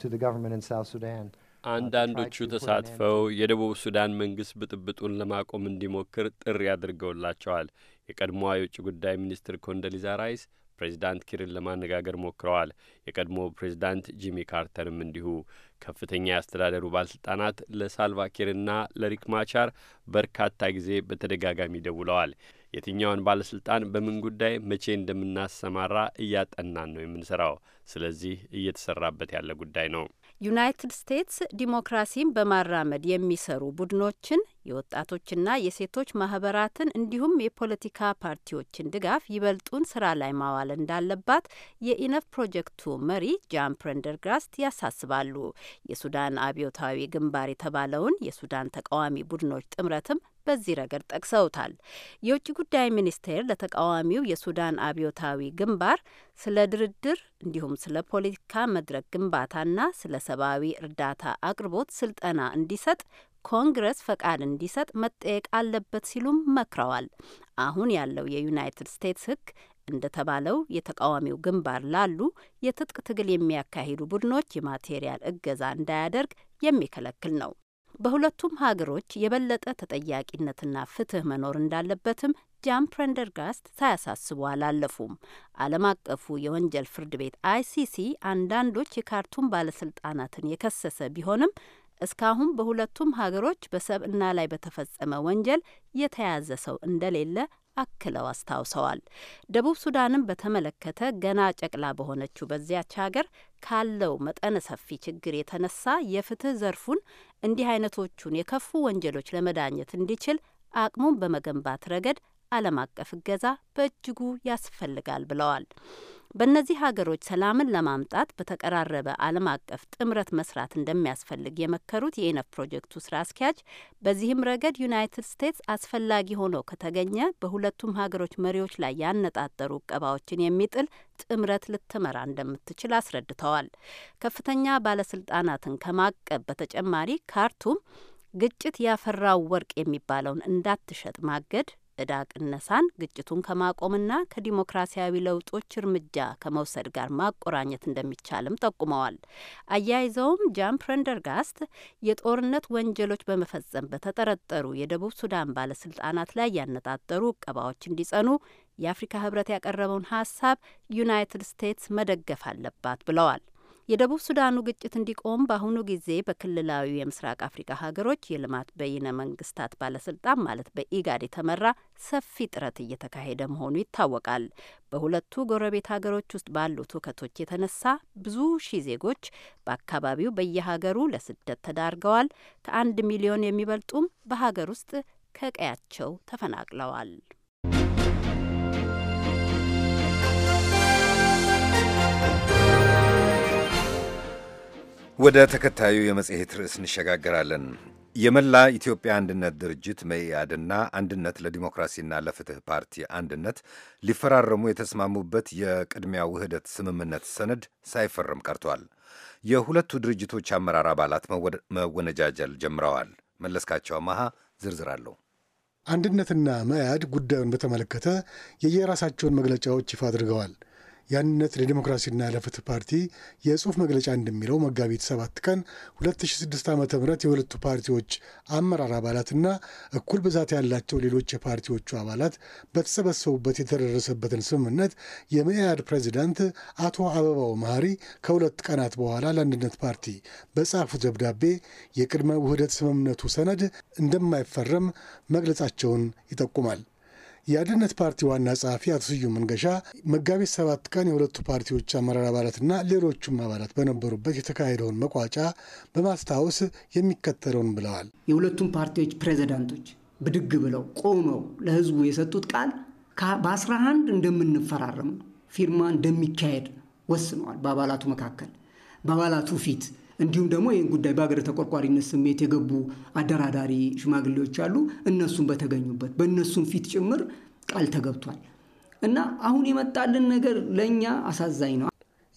ቱ ዘ ገቨርንመንት ኢን ሳውዝ ሱዳን አንዳንዶቹ ተሳትፈው የደቡብ ሱዳን መንግስት ብጥብጡን ለማቆም እንዲሞክር ጥሪ አድርገውላቸዋል። የቀድሞዋ የውጭ ጉዳይ ሚኒስትር ኮንደሊዛ ራይስ ፕሬዚዳንት ኪርን ለማነጋገር ሞክረዋል። የቀድሞ ፕሬዚዳንት ጂሚ ካርተርም እንዲሁ። ከፍተኛ የአስተዳደሩ ባለስልጣናት ለሳልቫኪርና ለሪክ ማቻር በርካታ ጊዜ በተደጋጋሚ ደውለዋል። የትኛውን ባለስልጣን በምን ጉዳይ መቼ እንደምናሰማራ እያጠናን ነው የምንሰራው። ስለዚህ እየተሰራበት ያለ ጉዳይ ነው። ዩናይትድ ስቴትስ ዲሞክራሲን በማራመድ የሚሰሩ ቡድኖችን የወጣቶችና የሴቶች ማህበራትን እንዲሁም የፖለቲካ ፓርቲዎችን ድጋፍ ይበልጡን ስራ ላይ ማዋል እንዳለባት የኢነፍ ፕሮጀክቱ መሪ ጃን ፕረንደርግራስት ያሳስባሉ። የሱዳን አብዮታዊ ግንባር የተባለውን የሱዳን ተቃዋሚ ቡድኖች ጥምረትም በዚህ ረገድ ጠቅሰውታል። የውጭ ጉዳይ ሚኒስቴር ለተቃዋሚው የሱዳን አብዮታዊ ግንባር ስለ ድርድር እንዲሁም ስለ ፖለቲካ መድረክ ግንባታና ስለ ሰብአዊ እርዳታ አቅርቦት ስልጠና እንዲሰጥ ኮንግረስ ፈቃድ እንዲሰጥ መጠየቅ አለበት ሲሉም መክረዋል። አሁን ያለው የዩናይትድ ስቴትስ ሕግ እንደተባለው የተቃዋሚው ግንባር ላሉ የትጥቅ ትግል የሚያካሂዱ ቡድኖች የማቴሪያል እገዛ እንዳያደርግ የሚከለክል ነው። በሁለቱም ሀገሮች የበለጠ ተጠያቂነትና ፍትህ መኖር እንዳለበትም ጃን ፕረንደርጋስት ሳያሳስቡ አላለፉም። ዓለም አቀፉ የወንጀል ፍርድ ቤት አይሲሲ አንዳንዶች የካርቱም ባለስልጣናትን የከሰሰ ቢሆንም እስካሁን በሁለቱም ሀገሮች በሰብእና ላይ በተፈጸመ ወንጀል የተያዘ ሰው እንደሌለ አክለው አስታውሰዋል። ደቡብ ሱዳንም በተመለከተ ገና ጨቅላ በሆነችው በዚያች ሀገር ካለው መጠነ ሰፊ ችግር የተነሳ የፍትህ ዘርፉን እንዲህ አይነቶቹን የከፉ ወንጀሎች ለመዳኘት እንዲችል አቅሙን በመገንባት ረገድ ዓለም አቀፍ እገዛ በእጅጉ ያስፈልጋል ብለዋል። በእነዚህ ሀገሮች ሰላምን ለማምጣት በተቀራረበ ዓለም አቀፍ ጥምረት መስራት እንደሚያስፈልግ የመከሩት የኢነፍ ፕሮጀክቱ ስራ አስኪያጅ፣ በዚህም ረገድ ዩናይትድ ስቴትስ አስፈላጊ ሆኖ ከተገኘ በሁለቱም ሀገሮች መሪዎች ላይ ያነጣጠሩ እቀባዎችን የሚጥል ጥምረት ልትመራ እንደምትችል አስረድተዋል። ከፍተኛ ባለስልጣናትን ከማቀብ በተጨማሪ ካርቱም ግጭት ያፈራው ወርቅ የሚባለውን እንዳትሸጥ ማገድ ዕዳ ቅነሳን ግጭቱን ከማቆምና ከዲሞክራሲያዊ ለውጦች እርምጃ ከመውሰድ ጋር ማቆራኘት እንደሚቻልም ጠቁመዋል። አያይዘውም ጃን ፕረንደርጋስት የጦርነት ወንጀሎች በመፈጸም በተጠረጠሩ የደቡብ ሱዳን ባለስልጣናት ላይ ያነጣጠሩ እቀባዎች እንዲጸኑ የአፍሪካ ህብረት ያቀረበውን ሀሳብ ዩናይትድ ስቴትስ መደገፍ አለባት ብለዋል። የደቡብ ሱዳኑ ግጭት እንዲቆም በአሁኑ ጊዜ በክልላዊ የምስራቅ አፍሪካ ሀገሮች የልማት በይነ መንግስታት ባለስልጣን ማለት በኢጋድ የተመራ ሰፊ ጥረት እየተካሄደ መሆኑ ይታወቃል። በሁለቱ ጎረቤት ሀገሮች ውስጥ ባሉት ሁከቶች የተነሳ ብዙ ሺህ ዜጎች በአካባቢው በየሀገሩ ለስደት ተዳርገዋል። ከአንድ ሚሊዮን የሚበልጡም በሀገር ውስጥ ከቀያቸው ተፈናቅለዋል። ወደ ተከታዩ የመጽሔት ርዕስ እንሸጋገራለን። የመላ ኢትዮጵያ አንድነት ድርጅት መኢአድና አንድነት ለዲሞክራሲና ለፍትህ ፓርቲ አንድነት ሊፈራረሙ የተስማሙበት የቅድሚያ ውህደት ስምምነት ሰነድ ሳይፈርም ቀርቷል። የሁለቱ ድርጅቶች አመራር አባላት መወነጃጀል ጀምረዋል። መለስካቸው መሃ ዝርዝር አለው። አንድነትና መኢአድ ጉዳዩን በተመለከተ የየራሳቸውን መግለጫዎች ይፋ አድርገዋል። የአንድነት ለዲሞክራሲና ለፍትህ ፓርቲ የጽሁፍ መግለጫ እንደሚለው መጋቢት 7 ቀን 2006 ዓ ም የሁለቱ ፓርቲዎች አመራር አባላትና እኩል ብዛት ያላቸው ሌሎች የፓርቲዎቹ አባላት በተሰበሰቡበት የተደረሰበትን ስምምነት የመኢአድ ፕሬዚዳንት አቶ አበባው መሀሪ ከሁለት ቀናት በኋላ ለአንድነት ፓርቲ በጻፉት ደብዳቤ የቅድመ ውህደት ስምምነቱ ሰነድ እንደማይፈረም መግለጻቸውን ይጠቁማል። የአንድነት ፓርቲ ዋና ጸሐፊ አቶ ስዩም መንገሻ መጋቢት ሰባት ቀን የሁለቱ ፓርቲዎች አመራር አባላትና ሌሎቹም አባላት በነበሩበት የተካሄደውን መቋጫ በማስታወስ የሚከተለውን ብለዋል። የሁለቱም ፓርቲዎች ፕሬዚዳንቶች ብድግ ብለው ቆመው ለህዝቡ የሰጡት ቃል በአስራ አንድ እንደምንፈራረም ፊርማ እንደሚካሄድ ወስነዋል። በአባላቱ መካከል በአባላቱ ፊት እንዲሁም ደግሞ ይህን ጉዳይ በሀገር ተቆርቋሪነት ስሜት የገቡ አደራዳሪ ሽማግሌዎች አሉ። እነሱም በተገኙበት በእነሱም ፊት ጭምር ቃል ተገብቷል እና አሁን የመጣልን ነገር ለእኛ አሳዛኝ ነው።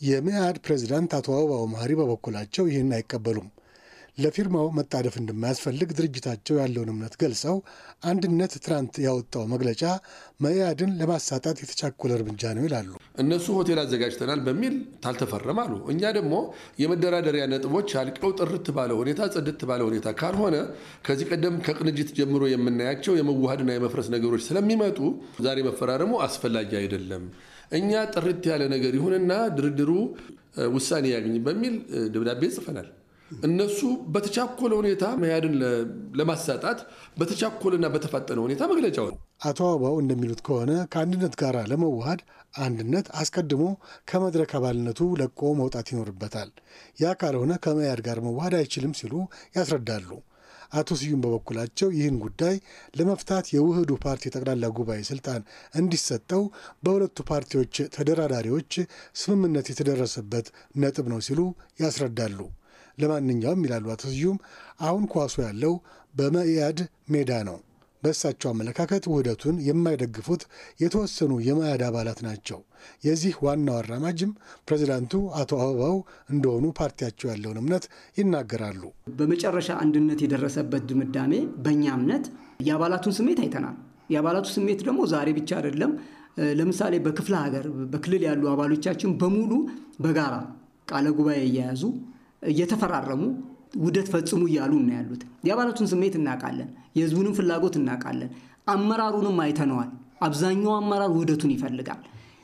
የመኢአድ ፕሬዚዳንት አቶ አበባው መሀሪ በበኩላቸው ይህን አይቀበሉም። ለፊርማው መጣደፍ እንደማያስፈልግ ድርጅታቸው ያለውን እምነት ገልጸው አንድነት ትናንት ያወጣው መግለጫ መኢአድን ለማሳጣት የተቻኮለ እርምጃ ነው ይላሉ። እነሱ ሆቴል አዘጋጅተናል በሚል ታልተፈረም አሉ። እኛ ደግሞ የመደራደሪያ ነጥቦች አልቀው ጥርት ባለ ሁኔታ ጽድት ባለ ሁኔታ ካልሆነ ከዚህ ቀደም ከቅንጅት ጀምሮ የምናያቸው የመዋሃድና የመፍረስ ነገሮች ስለሚመጡ ዛሬ መፈራረሙ አስፈላጊ አይደለም። እኛ ጥርት ያለ ነገር ይሁንና ድርድሩ ውሳኔ ያገኝ በሚል ደብዳቤ ጽፈናል። እነሱ በተቻኮለ ሁኔታ መያድን ለማሳጣት በተቻኮለና በተፋጠነ ሁኔታ መግለጫው ነው። አቶ አበባው እንደሚሉት ከሆነ ከአንድነት ጋር ለመዋሃድ አንድነት አስቀድሞ ከመድረክ አባልነቱ ለቆ መውጣት ይኖርበታል። ያ ካልሆነ ከመያድ ጋር መዋሃድ አይችልም ሲሉ ያስረዳሉ። አቶ ስዩም በበኩላቸው ይህን ጉዳይ ለመፍታት የውህዱ ፓርቲ ጠቅላላ ጉባኤ ስልጣን እንዲሰጠው በሁለቱ ፓርቲዎች ተደራዳሪዎች ስምምነት የተደረሰበት ነጥብ ነው ሲሉ ያስረዳሉ። ለማንኛውም ይላሉ አቶ ስዩም አሁን ኳሱ ያለው በመኢአድ ሜዳ ነው። በእሳቸው አመለካከት ውህደቱን የማይደግፉት የተወሰኑ የመኢአድ አባላት ናቸው። የዚህ ዋናው አራማጅም ፕሬዚዳንቱ አቶ አበባው እንደሆኑ ፓርቲያቸው ያለውን እምነት ይናገራሉ። በመጨረሻ አንድነት የደረሰበት ድምዳሜ በእኛ እምነት የአባላቱን ስሜት አይተናል። የአባላቱ ስሜት ደግሞ ዛሬ ብቻ አይደለም። ለምሳሌ በክፍለ ሀገር፣ በክልል ያሉ አባሎቻችን በሙሉ በጋራ ቃለ ጉባኤ እየያዙ እየተፈራረሙ ውደት ፈጽሙ እያሉ እና ያሉት የአባላቱን ስሜት እናውቃለን። የህዝቡንም ፍላጎት እናውቃለን። አመራሩንም አይተነዋል። አብዛኛው አመራር ውህደቱን ይፈልጋል።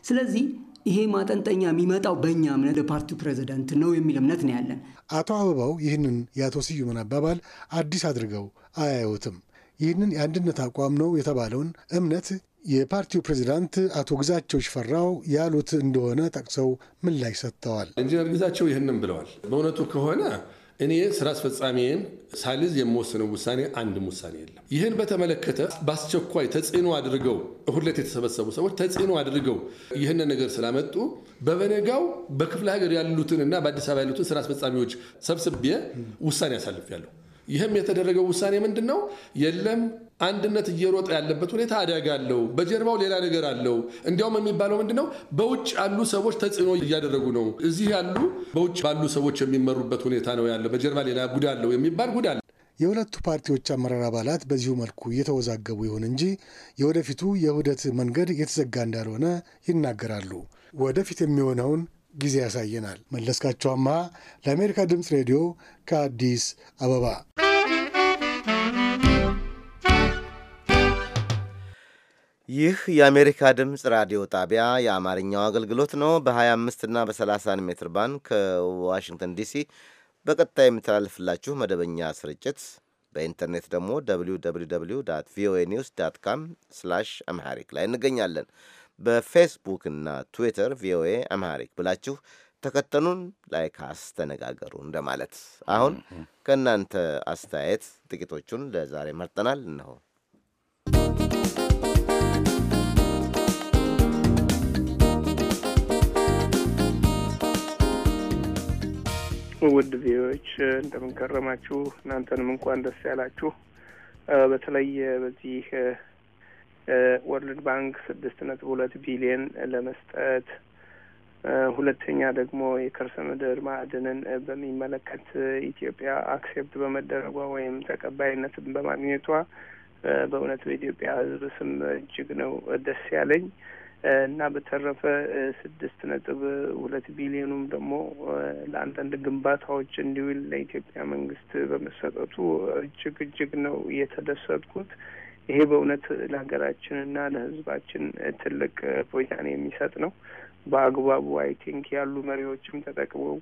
ስለዚህ ይሄ ማጠንጠኛ የሚመጣው በእኛ እምነት በፓርቲው ፕሬዚደንት ነው የሚል እምነት ነው ያለን። አቶ አበባው ይህንን የአቶ ስዩምን አባባል አዲስ አድርገው አያዩትም። ይህንን የአንድነት አቋም ነው የተባለውን እምነት የፓርቲው ፕሬዚዳንት አቶ ግዛቸው ሽፈራው ያሉት እንደሆነ ጠቅሰው ምላሽ ሰጥተዋል። ኢንጂነር ግዛቸው ይህንም ብለዋል። በእውነቱ ከሆነ እኔ ስራ አስፈጻሚን ሳልዝ የምወስነው ውሳኔ አንድም ውሳኔ የለም። ይህን በተመለከተ በአስቸኳይ ተጽዕኖ አድርገው እሁድ ዕለት የተሰበሰቡ ሰዎች ተጽዕኖ አድርገው ይህን ነገር ስላመጡ በበነጋው በክፍለ ሀገር ያሉትን እና በአዲስ አበባ ያሉትን ስራ አስፈጻሚዎች ሰብስቤ ውሳኔ ያለሁ ይህም የተደረገው ውሳኔ ምንድን ነው? የለም አንድነት እየሮጠ ያለበት ሁኔታ አደጋ አለው። በጀርባው ሌላ ነገር አለው። እንዲያውም የሚባለው ምንድን ነው? በውጭ ያሉ ሰዎች ተጽዕኖ እያደረጉ ነው። እዚህ ያሉ በውጭ ባሉ ሰዎች የሚመሩበት ሁኔታ ነው ያለው። በጀርባ ሌላ ጉድ አለው የሚባል ጉድ አለ። የሁለቱ ፓርቲዎች አመራር አባላት በዚሁ መልኩ እየተወዛገቡ ይሁን እንጂ የወደፊቱ የውህደት መንገድ የተዘጋ እንዳልሆነ ይናገራሉ። ወደፊት የሚሆነውን ጊዜ ያሳየናል። መለስካቸው አምሃ ለአሜሪካ ድምፅ ሬዲዮ ከአዲስ አበባ ይህ የአሜሪካ ድምፅ ራዲዮ ጣቢያ የአማርኛው አገልግሎት ነው። በ25 እና በ30 ሜትር ባንድ ከዋሽንግተን ዲሲ በቀጥታ የሚተላልፍላችሁ መደበኛ ስርጭት፣ በኢንተርኔት ደግሞ www ቪኦኤ ኒውስ ዳት ካም ስላሽ አምሃሪክ ላይ እንገኛለን። በፌስቡክ እና ትዊተር ቪኦኤ አምሃሪክ ብላችሁ ተከተሉን፣ ላይክ አስተነጋገሩ እንደማለት። አሁን ከእናንተ አስተያየት ጥቂቶቹን ለዛሬ መርጠናል። እነሆ ውድ ቪዎች እንደምንከረማችሁ እናንተንም እንኳን ደስ ያላችሁ። በተለይ በዚህ ወርልድ ባንክ ስድስት ነጥብ ሁለት ቢሊየን ለመስጠት ሁለተኛ ደግሞ የከርሰ ምድር ማዕድንን በሚመለከት ኢትዮጵያ አክሴፕት በመደረጓ ወይም ተቀባይነትን በማግኘቷ በእውነት በኢትዮጵያ ሕዝብ ስም እጅግ ነው ደስ ያለኝ። እና በተረፈ ስድስት ነጥብ ሁለት ቢሊዮኑም ደግሞ ለአንዳንድ ግንባታዎች እንዲውል ለኢትዮጵያ መንግስት በመሰጠቱ እጅግ እጅግ ነው የተደሰጥኩት። ይሄ በእውነት ለሀገራችንና ለህዝባችን ትልቅ ፎይታን የሚሰጥ ነው። በአግባቡ አይ ቲንክ ያሉ መሪዎችም ተጠቅመው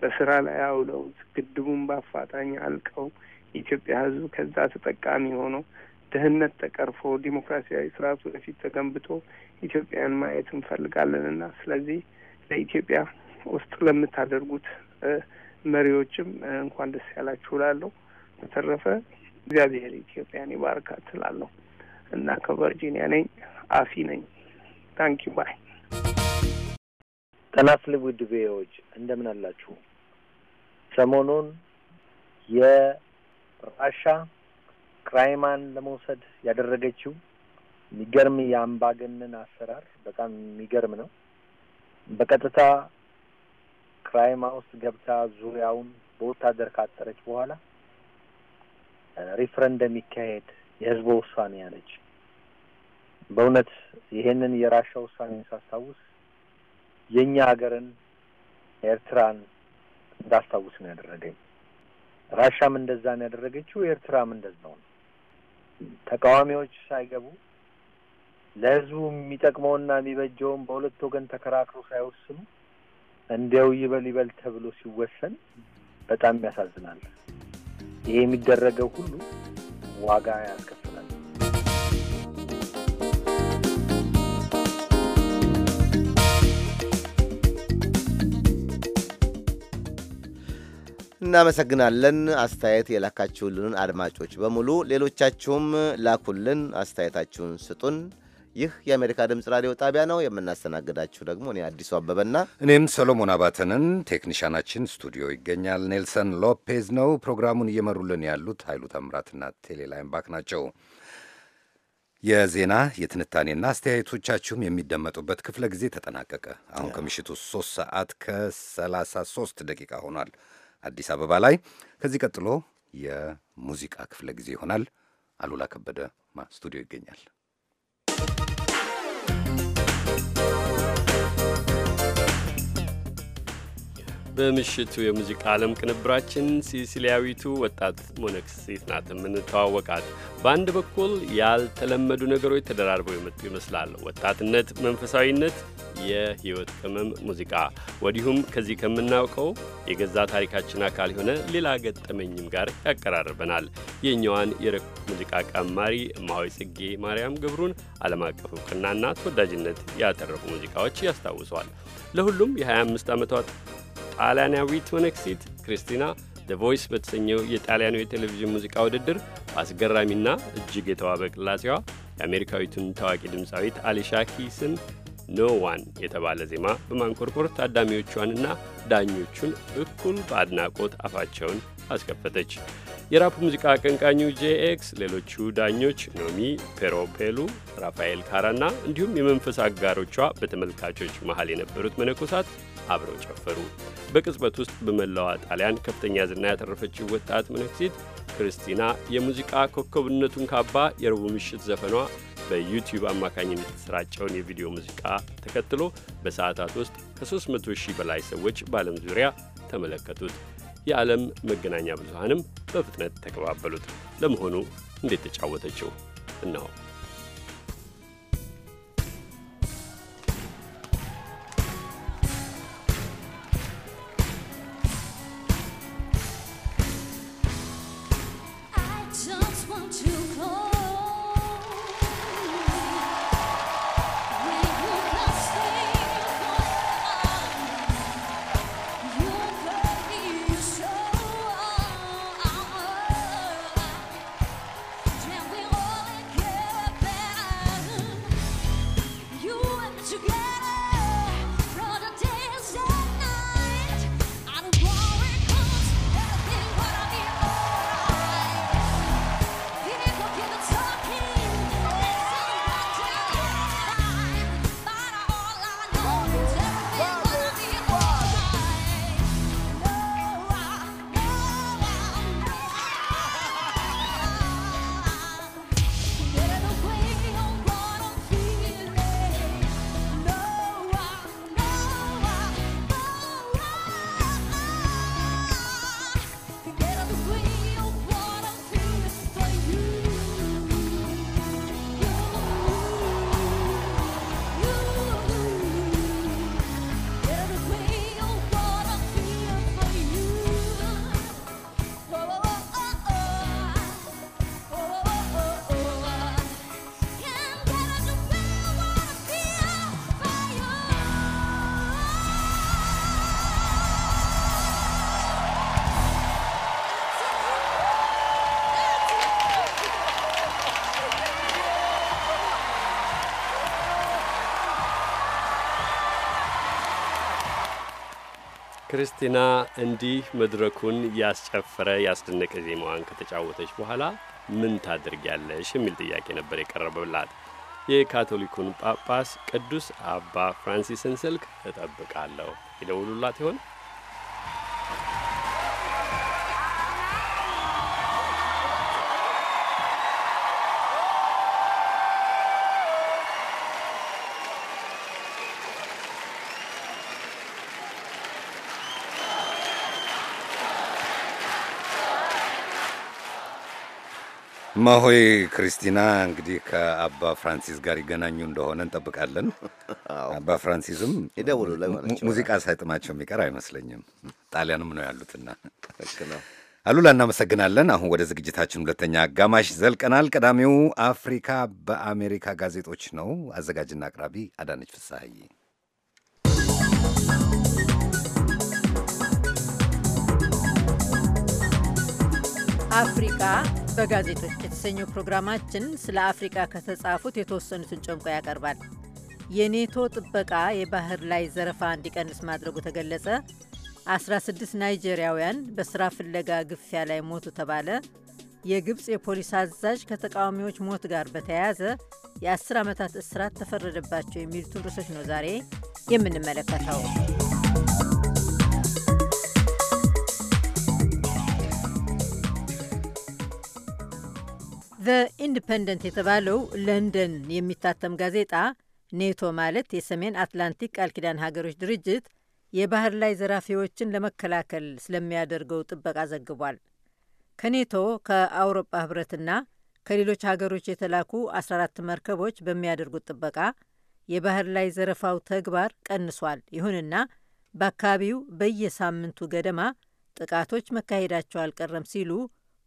በስራ ላይ አውለውት ግድቡን በአፋጣኝ አልቀው የኢትዮጵያ ህዝብ ከዛ ተጠቃሚ ሆነው ድህነት ተቀርፎ ዲሞክራሲያዊ ስርዓት ወደፊት ተገንብቶ ኢትዮጵያን ማየት እንፈልጋለን እና ስለዚህ ለኢትዮጵያ ውስጥ ለምታደርጉት መሪዎችም እንኳን ደስ ያላችሁ እላለሁ። በተረፈ እግዚአብሔር ኢትዮጵያን ይባርካት እላለሁ እና ከቨርጂኒያ ነኝ አፊ ነኝ። ታንኪ ባይ። ጠናስል ውድ ቪዎች እንደምን አላችሁ? ሰሞኑን የራሻ ክራይማን ለመውሰድ ያደረገችው የሚገርም የአምባገነን አሰራር በጣም የሚገርም ነው። በቀጥታ ክራይማ ውስጥ ገብታ ዙሪያውን በወታደር ካጠረች በኋላ ሪፍረንደም እንደሚካሄድ የህዝበ ውሳኔ ያለች። በእውነት ይሄንን የራሻ ውሳኔ ሳስታውስ የእኛ ሀገርን ኤርትራን እንዳስታውስ ነው ያደረገኝ። ራሻም እንደዛ ነው ያደረገችው፣ ኤርትራም እንደዛው ነው። ተቃዋሚዎች ሳይገቡ ለህዝቡ የሚጠቅመውና የሚበጀውን በሁለት ወገን ተከራክሮ ሳይወስኑ እንዲያው ይበል ይበል ተብሎ ሲወሰን በጣም ያሳዝናል። ይሄ የሚደረገው ሁሉ ዋጋ ያስከፍላል። እናመሰግናለን። አስተያየት የላካችሁልንን አድማጮች በሙሉ ሌሎቻችሁም ላኩልን፣ አስተያየታችሁን ስጡን። ይህ የአሜሪካ ድምፅ ራዲዮ ጣቢያ ነው። የምናስተናግዳችሁ ደግሞ እኔ አዲሱ አበበና እኔም ሰሎሞን አባተንን። ቴክኒሻናችን ስቱዲዮ ይገኛል፣ ኔልሰን ሎፔዝ ነው። ፕሮግራሙን እየመሩልን ያሉት ኃይሉ ተምራትና ቴሌላይም ባክ ናቸው። የዜና የትንታኔና አስተያየቶቻችሁም የሚደመጡበት ክፍለ ጊዜ ተጠናቀቀ። አሁን ከምሽቱ 3 ሰዓት ከ33 ደቂቃ ሆኗል። አዲስ አበባ ላይ። ከዚህ ቀጥሎ የሙዚቃ ክፍለ ጊዜ ይሆናል። አሉላ ከበደ ስቱዲዮ ይገኛል። በምሽቱ የሙዚቃ ዓለም ቅንብራችን ሲሲሊያዊቱ ወጣት ሞነክስ ሴት ናት የምንተዋወቃት። በአንድ በኩል ያልተለመዱ ነገሮች ተደራርበው የመጡ ይመስላል። ወጣትነት፣ መንፈሳዊነት፣ የህይወት ቅመም ሙዚቃ፣ ወዲሁም ከዚህ ከምናውቀው የገዛ ታሪካችን አካል የሆነ ሌላ ገጠመኝም ጋር ያቀራርበናል። የእኛዋን የሮክ ሙዚቃ ቀማሪ እማሆይ ጽጌ ማርያም ገብሩን ዓለም አቀፍ እውቅናና ተወዳጅነት ያተረፉ ሙዚቃዎች ያስታውሷል። ለሁሉም የ25 ዓመቷ ጣሊያናዊት መነኩሲት ክርስቲና ደ ቮይስ በተሰኘው የጣሊያኑ የቴሌቪዥን ሙዚቃ ውድድር በአስገራሚና እጅግ የተዋበ ቅላጼዋ የአሜሪካዊቱን ታዋቂ ድምፃዊት አሊሻ ኪስን ኖ ዋን የተባለ ዜማ በማንቆርቆር ታዳሚዎቿንና ዳኞቹን እኩል በአድናቆት አፋቸውን አስከፈተች። የራፕ ሙዚቃ አቀንቃኙ ጄኤክስ፣ ሌሎቹ ዳኞች ኖሚ ፔሮፔሉ፣ ራፋኤል ካራና እንዲሁም የመንፈስ አጋሮቿ በተመልካቾች መሀል የነበሩት መነኮሳት አብረው ጨፈሩ። በቅጽበት ውስጥ በመላዋ ጣሊያን ከፍተኛ ዝና ያተረፈችው ወጣት መነኩሲት ክርስቲና የሙዚቃ ኮከብነቱን ካባ የረቡዕ ምሽት ዘፈኗ በዩቲዩብ አማካኝነት የተሰራጨውን የቪዲዮ ሙዚቃ ተከትሎ በሰዓታት ውስጥ ከ300 ሺህ በላይ ሰዎች በዓለም ዙሪያ ተመለከቱት። የዓለም መገናኛ ብዙሃንም በፍጥነት ተቀባበሉት። ለመሆኑ እንዴት ተጫወተችው? እነሆ። ክርስቲና እንዲህ መድረኩን ያስጨፈረ ያስደነቀ ዜማዋን ከተጫወተች በኋላ ምን ታደርጊያለሽ የሚል ጥያቄ ነበር የቀረበላት። የካቶሊኩን ጳጳስ ቅዱስ አባ ፍራንሲስን ስልክ እጠብቃለሁ። ይደውሉላት ይሆን? ማሆይ ክርስቲና እንግዲህ ከአባ ፍራንሲስ ጋር ይገናኙ እንደሆነ እንጠብቃለን። አባ ፍራንሲስም ሙዚቃ ሳይጥማቸው የሚቀር አይመስለኝም። ጣሊያንም ነው ያሉትና አሉላ እናመሰግናለን። አሁን ወደ ዝግጅታችን ሁለተኛ አጋማሽ ዘልቀናል። ቀዳሚው አፍሪካ በአሜሪካ ጋዜጦች ነው። አዘጋጅና አቅራቢ አዳነች ፍሳሐዬ። አፍሪካ በጋዜጦች የተሰኘው ፕሮግራማችን ስለ አፍሪቃ ከተጻፉት የተወሰኑትን ጨምቆ ያቀርባል። የኔቶ ጥበቃ የባህር ላይ ዘረፋ እንዲቀንስ ማድረጉ ተገለጸ፣ 16 ናይጄሪያውያን በሥራ ፍለጋ ግፊያ ላይ ሞቱ ተባለ፣ የግብፅ የፖሊስ አዛዥ ከተቃዋሚዎች ሞት ጋር በተያያዘ የ10 ዓመታት እስራት ተፈረደባቸው የሚሉትን ርዕሶች ነው ዛሬ የምንመለከተው። ዘ ኢንዲፐንደንት የተባለው ለንደን የሚታተም ጋዜጣ ኔቶ ማለት የሰሜን አትላንቲክ ቃል ኪዳን ሀገሮች ድርጅት የባህር ላይ ዘራፊዎችን ለመከላከል ስለሚያደርገው ጥበቃ ዘግቧል። ከኔቶ ከአውሮፓ ህብረትና ከሌሎች ሀገሮች የተላኩ 14 መርከቦች በሚያደርጉት ጥበቃ የባህር ላይ ዘረፋው ተግባር ቀንሷል። ይሁንና በአካባቢው በየሳምንቱ ገደማ ጥቃቶች መካሄዳቸው አልቀረም ሲሉ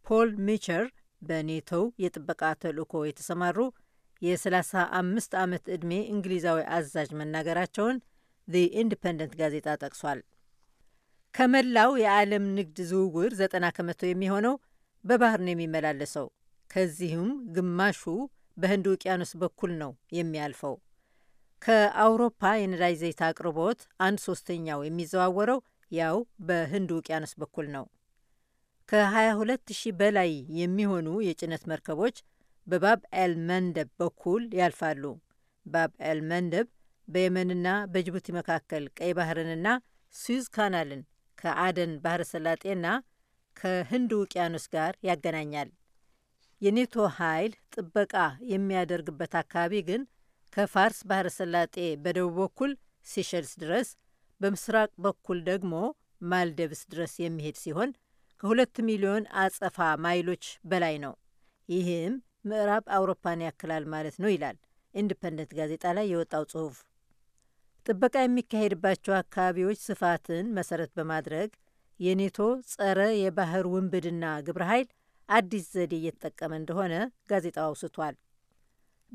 ፖል ሚቸር በኔቶው የጥበቃ ተልእኮ የተሰማሩ የ35 ዓመት ዕድሜ እንግሊዛዊ አዛዥ መናገራቸውን ዘ ኢንዲፐንደንት ጋዜጣ ጠቅሷል። ከመላው የዓለም ንግድ ዝውውር ዘጠና ከመቶ የሚሆነው በባህር ነው የሚመላለሰው። ከዚህም ግማሹ በህንድ ውቅያኖስ በኩል ነው የሚያልፈው። ከአውሮፓ የነዳጅ ዘይት አቅርቦት አንድ ሶስተኛው የሚዘዋወረው ያው በህንድ ውቅያኖስ በኩል ነው። ከ22 ሺህ በላይ የሚሆኑ የጭነት መርከቦች በባብ ኤል መንደብ በኩል ያልፋሉ። ባብ ኤል መንደብ በየመንና በጅቡቲ መካከል ቀይ ባህርንና ስዊዝ ካናልን ከአደን ባህረ ሰላጤና ከህንድ ውቅያኖስ ጋር ያገናኛል። የኔቶ ኃይል ጥበቃ የሚያደርግበት አካባቢ ግን ከፋርስ ባህረ ሰላጤ በደቡብ በኩል ሲሸልስ ድረስ፣ በምስራቅ በኩል ደግሞ ማልደብስ ድረስ የሚሄድ ሲሆን ከሁለት ሚሊዮን አጸፋ ማይሎች በላይ ነው። ይህም ምዕራብ አውሮፓን ያክላል ማለት ነው ይላል ኢንዲፐንደንት ጋዜጣ ላይ የወጣው ጽሑፍ። ጥበቃ የሚካሄድባቸው አካባቢዎች ስፋትን መሰረት በማድረግ የኔቶ ጸረ የባህር ውንብድና ግብረ ኃይል አዲስ ዘዴ እየተጠቀመ እንደሆነ ጋዜጣው አውስቷል።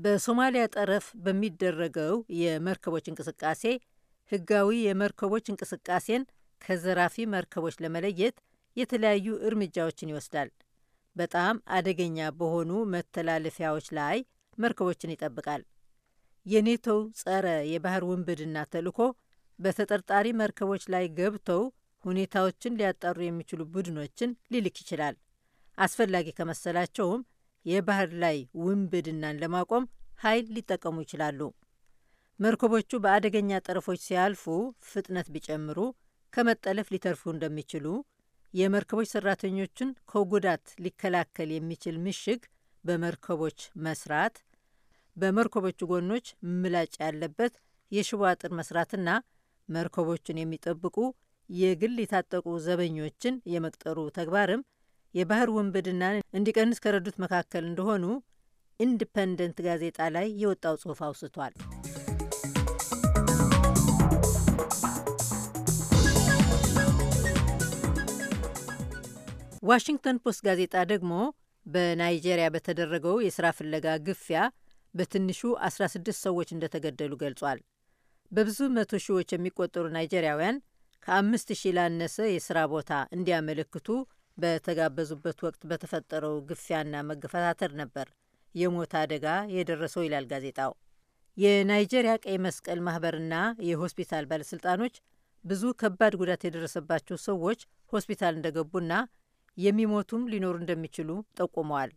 በሶማሊያ ጠረፍ በሚደረገው የመርከቦች እንቅስቃሴ ህጋዊ የመርከቦች እንቅስቃሴን ከዘራፊ መርከቦች ለመለየት የተለያዩ እርምጃዎችን ይወስዳል። በጣም አደገኛ በሆኑ መተላለፊያዎች ላይ መርከቦችን ይጠብቃል። የኔቶው ጸረ የባህር ውንብድና ተልኮ በተጠርጣሪ መርከቦች ላይ ገብተው ሁኔታዎችን ሊያጣሩ የሚችሉ ቡድኖችን ሊልክ ይችላል። አስፈላጊ ከመሰላቸውም የባህር ላይ ውንብድናን ለማቆም ኃይል ሊጠቀሙ ይችላሉ። መርከቦቹ በአደገኛ ጠረፎች ሲያልፉ ፍጥነት ቢጨምሩ ከመጠለፍ ሊተርፉ እንደሚችሉ የመርከቦች ሰራተኞችን ከጉዳት ሊከላከል የሚችል ምሽግ በመርከቦች መስራት፣ በመርከቦቹ ጎኖች ምላጭ ያለበት የሽቦ አጥር መስራትና መርከቦቹን የሚጠብቁ የግል የታጠቁ ዘበኞችን የመቅጠሩ ተግባርም የባህር ውንብድናን እንዲቀንስ ከረዱት መካከል እንደሆኑ ኢንዲፐንደንት ጋዜጣ ላይ የወጣው ጽሑፍ አውስቷል። ዋሽንግተን ፖስት ጋዜጣ ደግሞ በናይጄሪያ በተደረገው የስራ ፍለጋ ግፊያ በትንሹ 16 ሰዎች እንደተገደሉ ገልጿል። በብዙ መቶ ሺዎች የሚቆጠሩ ናይጄሪያውያን ከአምስት ሺህ ላነሰ የስራ ቦታ እንዲያመለክቱ በተጋበዙበት ወቅት በተፈጠረው ግፊያና መገፈታተር ነበር የሞት አደጋ የደረሰው ይላል ጋዜጣው። የናይጄሪያ ቀይ መስቀል ማህበርና የሆስፒታል ባለሥልጣኖች ብዙ ከባድ ጉዳት የደረሰባቸው ሰዎች ሆስፒታል እንደገቡና የሚሞቱም ሊኖሩ እንደሚችሉ ጠቁመዋል።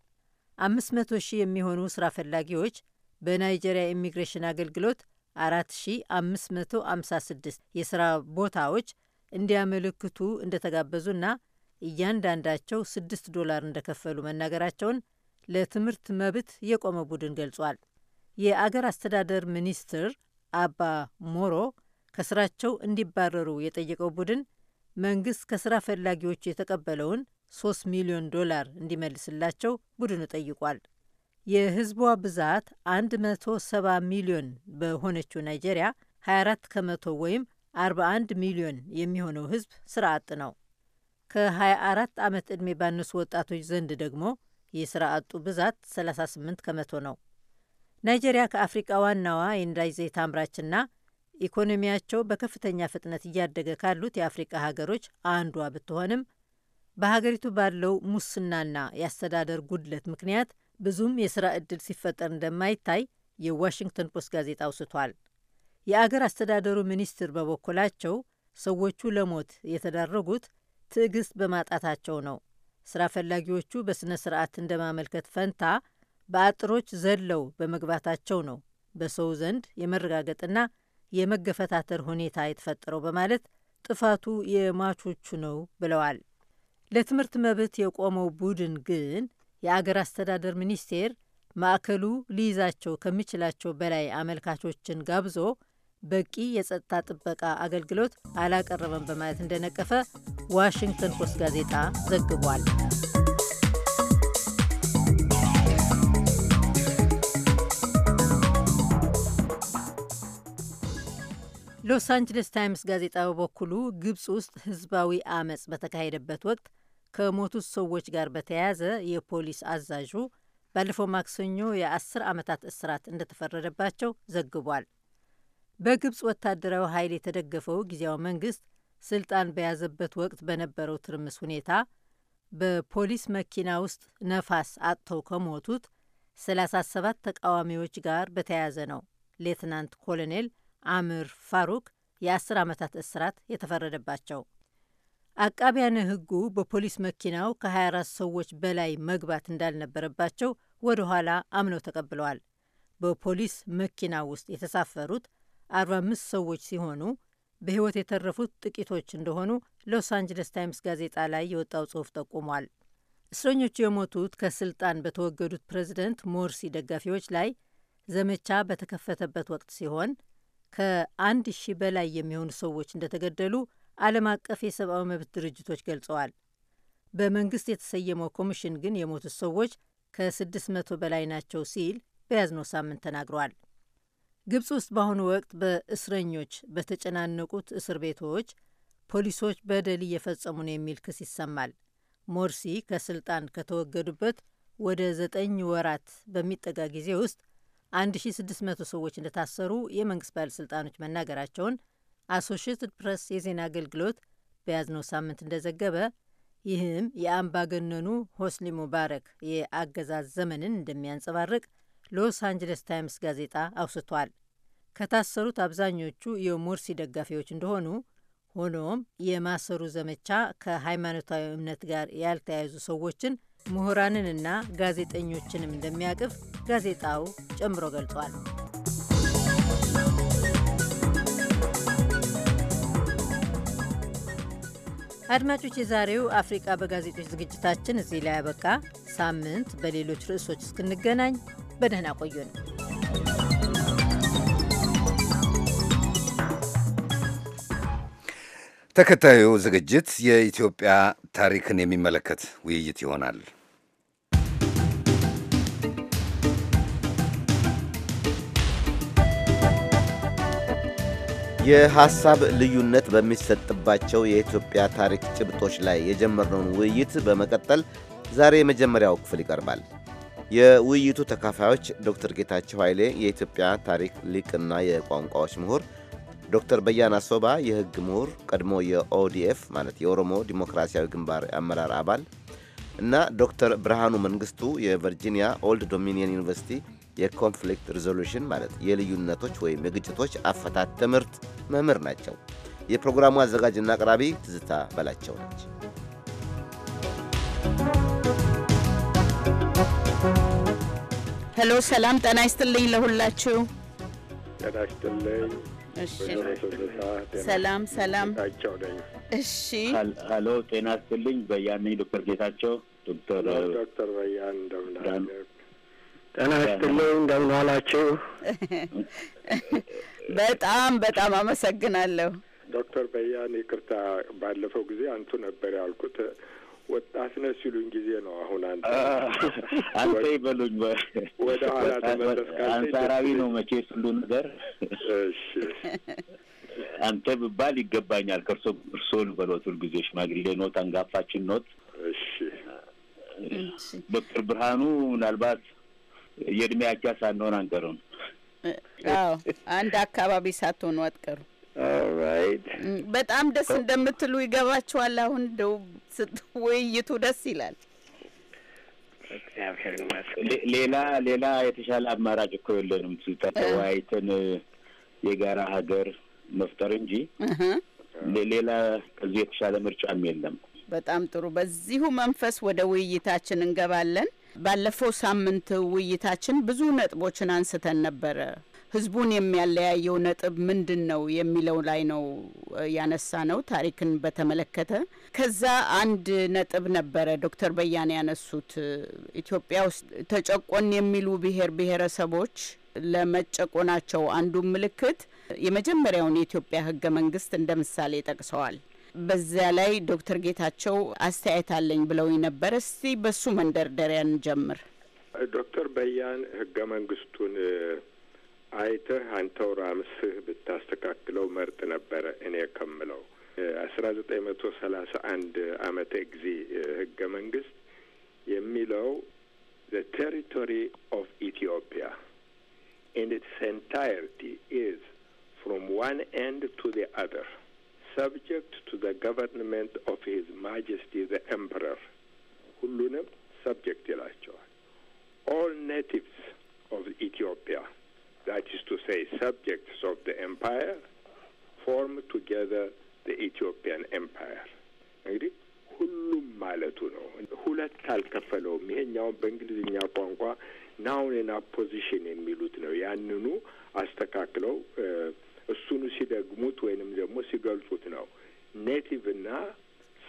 አምስት መቶ ሺህ የሚሆኑ ስራ ፈላጊዎች በናይጄሪያ ኢሚግሬሽን አገልግሎት 4556 የስራ ቦታዎች እንዲያመለክቱ እንደተጋበዙና እያንዳንዳቸው 6 ዶላር እንደከፈሉ መናገራቸውን ለትምህርት መብት የቆመ ቡድን ገልጿል። የአገር አስተዳደር ሚኒስትር አባ ሞሮ ከስራቸው እንዲባረሩ የጠየቀው ቡድን መንግስት ከስራ ፈላጊዎቹ የተቀበለውን 3 ሚሊዮን ዶላር እንዲመልስላቸው ቡድኑ ጠይቋል። የህዝቧ ብዛት 170 ሚሊዮን በሆነችው ናይጄሪያ 24 ከመቶ ወይም 41 ሚሊዮን የሚሆነው ህዝብ ስራ አጥ ነው። ከ24 ዓመት ዕድሜ ባነሱ ወጣቶች ዘንድ ደግሞ የስራ አጡ ብዛት 38 ከመቶ ነው። ናይጄሪያ ከአፍሪቃ ዋናዋ የነዳጅ ዘይት አምራችና ኢኮኖሚያቸው በከፍተኛ ፍጥነት እያደገ ካሉት የአፍሪቃ ሀገሮች አንዷ ብትሆንም በሀገሪቱ ባለው ሙስናና የአስተዳደር ጉድለት ምክንያት ብዙም የሥራ ዕድል ሲፈጠር እንደማይታይ የዋሽንግተን ፖስት ጋዜጣ አውስቷል። የአገር አስተዳደሩ ሚኒስትር በበኩላቸው ሰዎቹ ለሞት የተዳረጉት ትዕግስት በማጣታቸው ነው። ስራ ፈላጊዎቹ በሥነ ሥርዓት እንደማመልከት ፈንታ በአጥሮች ዘለው በመግባታቸው ነው በሰው ዘንድ የመረጋገጥና የመገፈታተር ሁኔታ የተፈጠረው በማለት ጥፋቱ የሟቾቹ ነው ብለዋል። ለትምህርት መብት የቆመው ቡድን ግን የአገር አስተዳደር ሚኒስቴር ማዕከሉ ሊይዛቸው ከሚችላቸው በላይ አመልካቾችን ጋብዞ በቂ የጸጥታ ጥበቃ አገልግሎት አላቀረበም በማለት እንደነቀፈ ዋሽንግተን ፖስት ጋዜጣ ዘግቧል። ሎስ አንጅለስ ታይምስ ጋዜጣ በበኩሉ ግብፅ ውስጥ ህዝባዊ አመፅ በተካሄደበት ወቅት ከሞቱት ሰዎች ጋር በተያያዘ የፖሊስ አዛዡ ባለፈው ማክሰኞ የአስር ዓመታት እስራት እንደተፈረደባቸው ዘግቧል። በግብፅ ወታደራዊ ኃይል የተደገፈው ጊዜያዊ መንግስት ስልጣን በያዘበት ወቅት በነበረው ትርምስ ሁኔታ በፖሊስ መኪና ውስጥ ነፋስ አጥተው ከሞቱት 37 ተቃዋሚዎች ጋር በተያያዘ ነው ሌትናንት ኮሎኔል አምር ፋሩክ የአስር ዓመታት እስራት የተፈረደባቸው። አቃቢያነ ሕጉ በፖሊስ መኪናው ከ24 ሰዎች በላይ መግባት እንዳልነበረባቸው ወደ ኋላ አምነው ተቀብለዋል። በፖሊስ መኪና ውስጥ የተሳፈሩት 45 ሰዎች ሲሆኑ በሕይወት የተረፉት ጥቂቶች እንደሆኑ ሎስ አንጅለስ ታይምስ ጋዜጣ ላይ የወጣው ጽሑፍ ጠቁሟል። እስረኞቹ የሞቱት ከስልጣን በተወገዱት ፕሬዚደንት ሞርሲ ደጋፊዎች ላይ ዘመቻ በተከፈተበት ወቅት ሲሆን ከአንድ ሺህ በላይ የሚሆኑ ሰዎች እንደተገደሉ ዓለም አቀፍ የሰብአዊ መብት ድርጅቶች ገልጸዋል። በመንግስት የተሰየመው ኮሚሽን ግን የሞቱት ሰዎች ከ600 በላይ ናቸው ሲል በያዝነው ሳምንት ተናግሯል። ግብፅ ውስጥ በአሁኑ ወቅት በእስረኞች በተጨናነቁት እስር ቤቶች ፖሊሶች በደል እየፈጸሙ ነው የሚል ክስ ይሰማል። ሞርሲ ከስልጣን ከተወገዱበት ወደ ዘጠኝ ወራት በሚጠጋ ጊዜ ውስጥ 1600 ሰዎች እንደታሰሩ የመንግስት ባለሥልጣኖች መናገራቸውን አሶሽትድ ፕሬስ የዜና አገልግሎት በያዝነው ሳምንት እንደዘገበ ይህም የአምባገነኑ ሆስኒ ሙባረክ የአገዛዝ ዘመንን እንደሚያንጸባርቅ ሎስ አንጀለስ ታይምስ ጋዜጣ አውስቷል። ከታሰሩት አብዛኞቹ የሞርሲ ደጋፊዎች እንደሆኑ፣ ሆኖም የማሰሩ ዘመቻ ከሃይማኖታዊ እምነት ጋር ያልተያያዙ ሰዎችን፣ ምሁራንንና ጋዜጠኞችንም እንደሚያቅፍ ጋዜጣው ጨምሮ ገልጿል። አድማጮች፣ የዛሬው አፍሪቃ በጋዜጦች ዝግጅታችን እዚህ ላይ ያበቃ። ሳምንት በሌሎች ርዕሶች እስክንገናኝ በደህና ቆዩን። ተከታዩ ዝግጅት የኢትዮጵያ ታሪክን የሚመለከት ውይይት ይሆናል። የሐሳብ ልዩነት በሚሰጥባቸው የኢትዮጵያ ታሪክ ጭብጦች ላይ የጀመርነውን ውይይት በመቀጠል ዛሬ የመጀመሪያው ክፍል ይቀርባል። የውይይቱ ተካፋዮች ዶክተር ጌታቸው ኃይሌ የኢትዮጵያ ታሪክ ሊቅና የቋንቋዎች ምሁር፣ ዶክተር በያን አሶባ የሕግ ምሁር ቀድሞ የኦዲኤፍ ማለት የኦሮሞ ዲሞክራሲያዊ ግንባር አመራር አባል እና ዶክተር ብርሃኑ መንግስቱ የቨርጂኒያ ኦልድ ዶሚኒየን ዩኒቨርሲቲ የኮንፍሊክት ሪዞሉሽን ማለት የልዩነቶች ወይም የግጭቶች አፈታት ትምህርት መምህር ናቸው። የፕሮግራሙ አዘጋጅና አቅራቢ ትዝታ በላቸው ነች። ሄሎ፣ ሰላም ጤና ይስጥልኝ ለሁላችሁ። ጤና ይስጥልኝ። ሰላም ሰላም። እሺ፣ ሄሎ፣ ጤና ይስጥልኝ። በያነኝ ዶክተር ጌታቸው ዶክተር በያን እንደምን ጤና ይስጥልኝ። እንደምን ዋላችሁ? በጣም በጣም አመሰግናለሁ ዶክተር በያን። ይቅርታ ባለፈው ጊዜ አንቱ ነበር ያልኩት ወጣት ነህ ሲሉኝ ጊዜ ነው። አሁን አንተ አንተ ይበሉኝ። ወደ ኋላ ተመለስካ። አንጻራዊ ነው መቼ ሁሉ ነገር። እሺ አንተ ብባል ይገባኛል። ከእርሶ እርሶ ልበሎት። ሁልጊዜ ሽማግሌ ኖት፣ አንጋፋችን ኖት። እሺ ዶክተር ብርሃኑ ምናልባት የእድሜ አቻ ሳንሆን አንቀርም። አዎ አንድ አካባቢ ሳትሆኑ አትቀሩ። ኦራይት በጣም ደስ እንደምትሉ ይገባችኋል። አሁን እንደው ውይይቱ ደስ ይላል። ሌላ ሌላ የተሻለ አማራጭ እኮ የለንም ተወያይተን የጋራ ሀገር መፍጠር እንጂ ሌላ ከዚህ የተሻለ ምርጫም የለም። በጣም ጥሩ። በዚሁ መንፈስ ወደ ውይይታችን እንገባለን። ባለፈው ሳምንት ውይይታችን ብዙ ነጥቦችን አንስተን ነበረ። ህዝቡን የሚያለያየው ነጥብ ምንድን ነው የሚለው ላይ ነው ያነሳ ነው። ታሪክን በተመለከተ ከዛ አንድ ነጥብ ነበረ ዶክተር በያን ያነሱት ኢትዮጵያ ውስጥ ተጨቆን የሚሉ ብሔር ብሔረሰቦች ለመጨቆናቸው አንዱ ምልክት የመጀመሪያውን የኢትዮጵያ ህገ መንግስት እንደ ምሳሌ ጠቅሰዋል። በዚያ ላይ ዶክተር ጌታቸው አስተያየት አለኝ ብለው ነበር። እስቲ በሱ መንደርደሪያ እንጀምር። ዶክተር በያን ህገ መንግስቱን አይተህ አንተው ራምስህ ብታስተካክለው መርጥ ነበረ እኔ ከምለው አስራ ዘጠኝ መቶ ሰላሳ አንድ አመተ ጊዜ ህገ መንግስት የሚለው ዘ ቴሪቶሪ ኦፍ ኢትዮጵያ in its entirety ኢዝ ፍሮም ዋን ኤንድ ቱ ዘ አደር subject to the government of His Majesty the Emperor. ሁሉንም ሰብጀክት ይላቸዋል። All natives of Ethiopia, that is to say subjects of the empire form together the Ethiopian empire. እንግዲህ ሁሉም ማለቱ ነው። ሁለት አልከፈለውም። ይሄኛውን በእንግሊዝኛ ቋንቋ ናውንና ፖዚሽን የሚሉት ነው። ያንኑ አስተካክለው እሱን ሲደግሙት ወይንም ደግሞ ሲገልጹት ነው። ኔቲቭ እና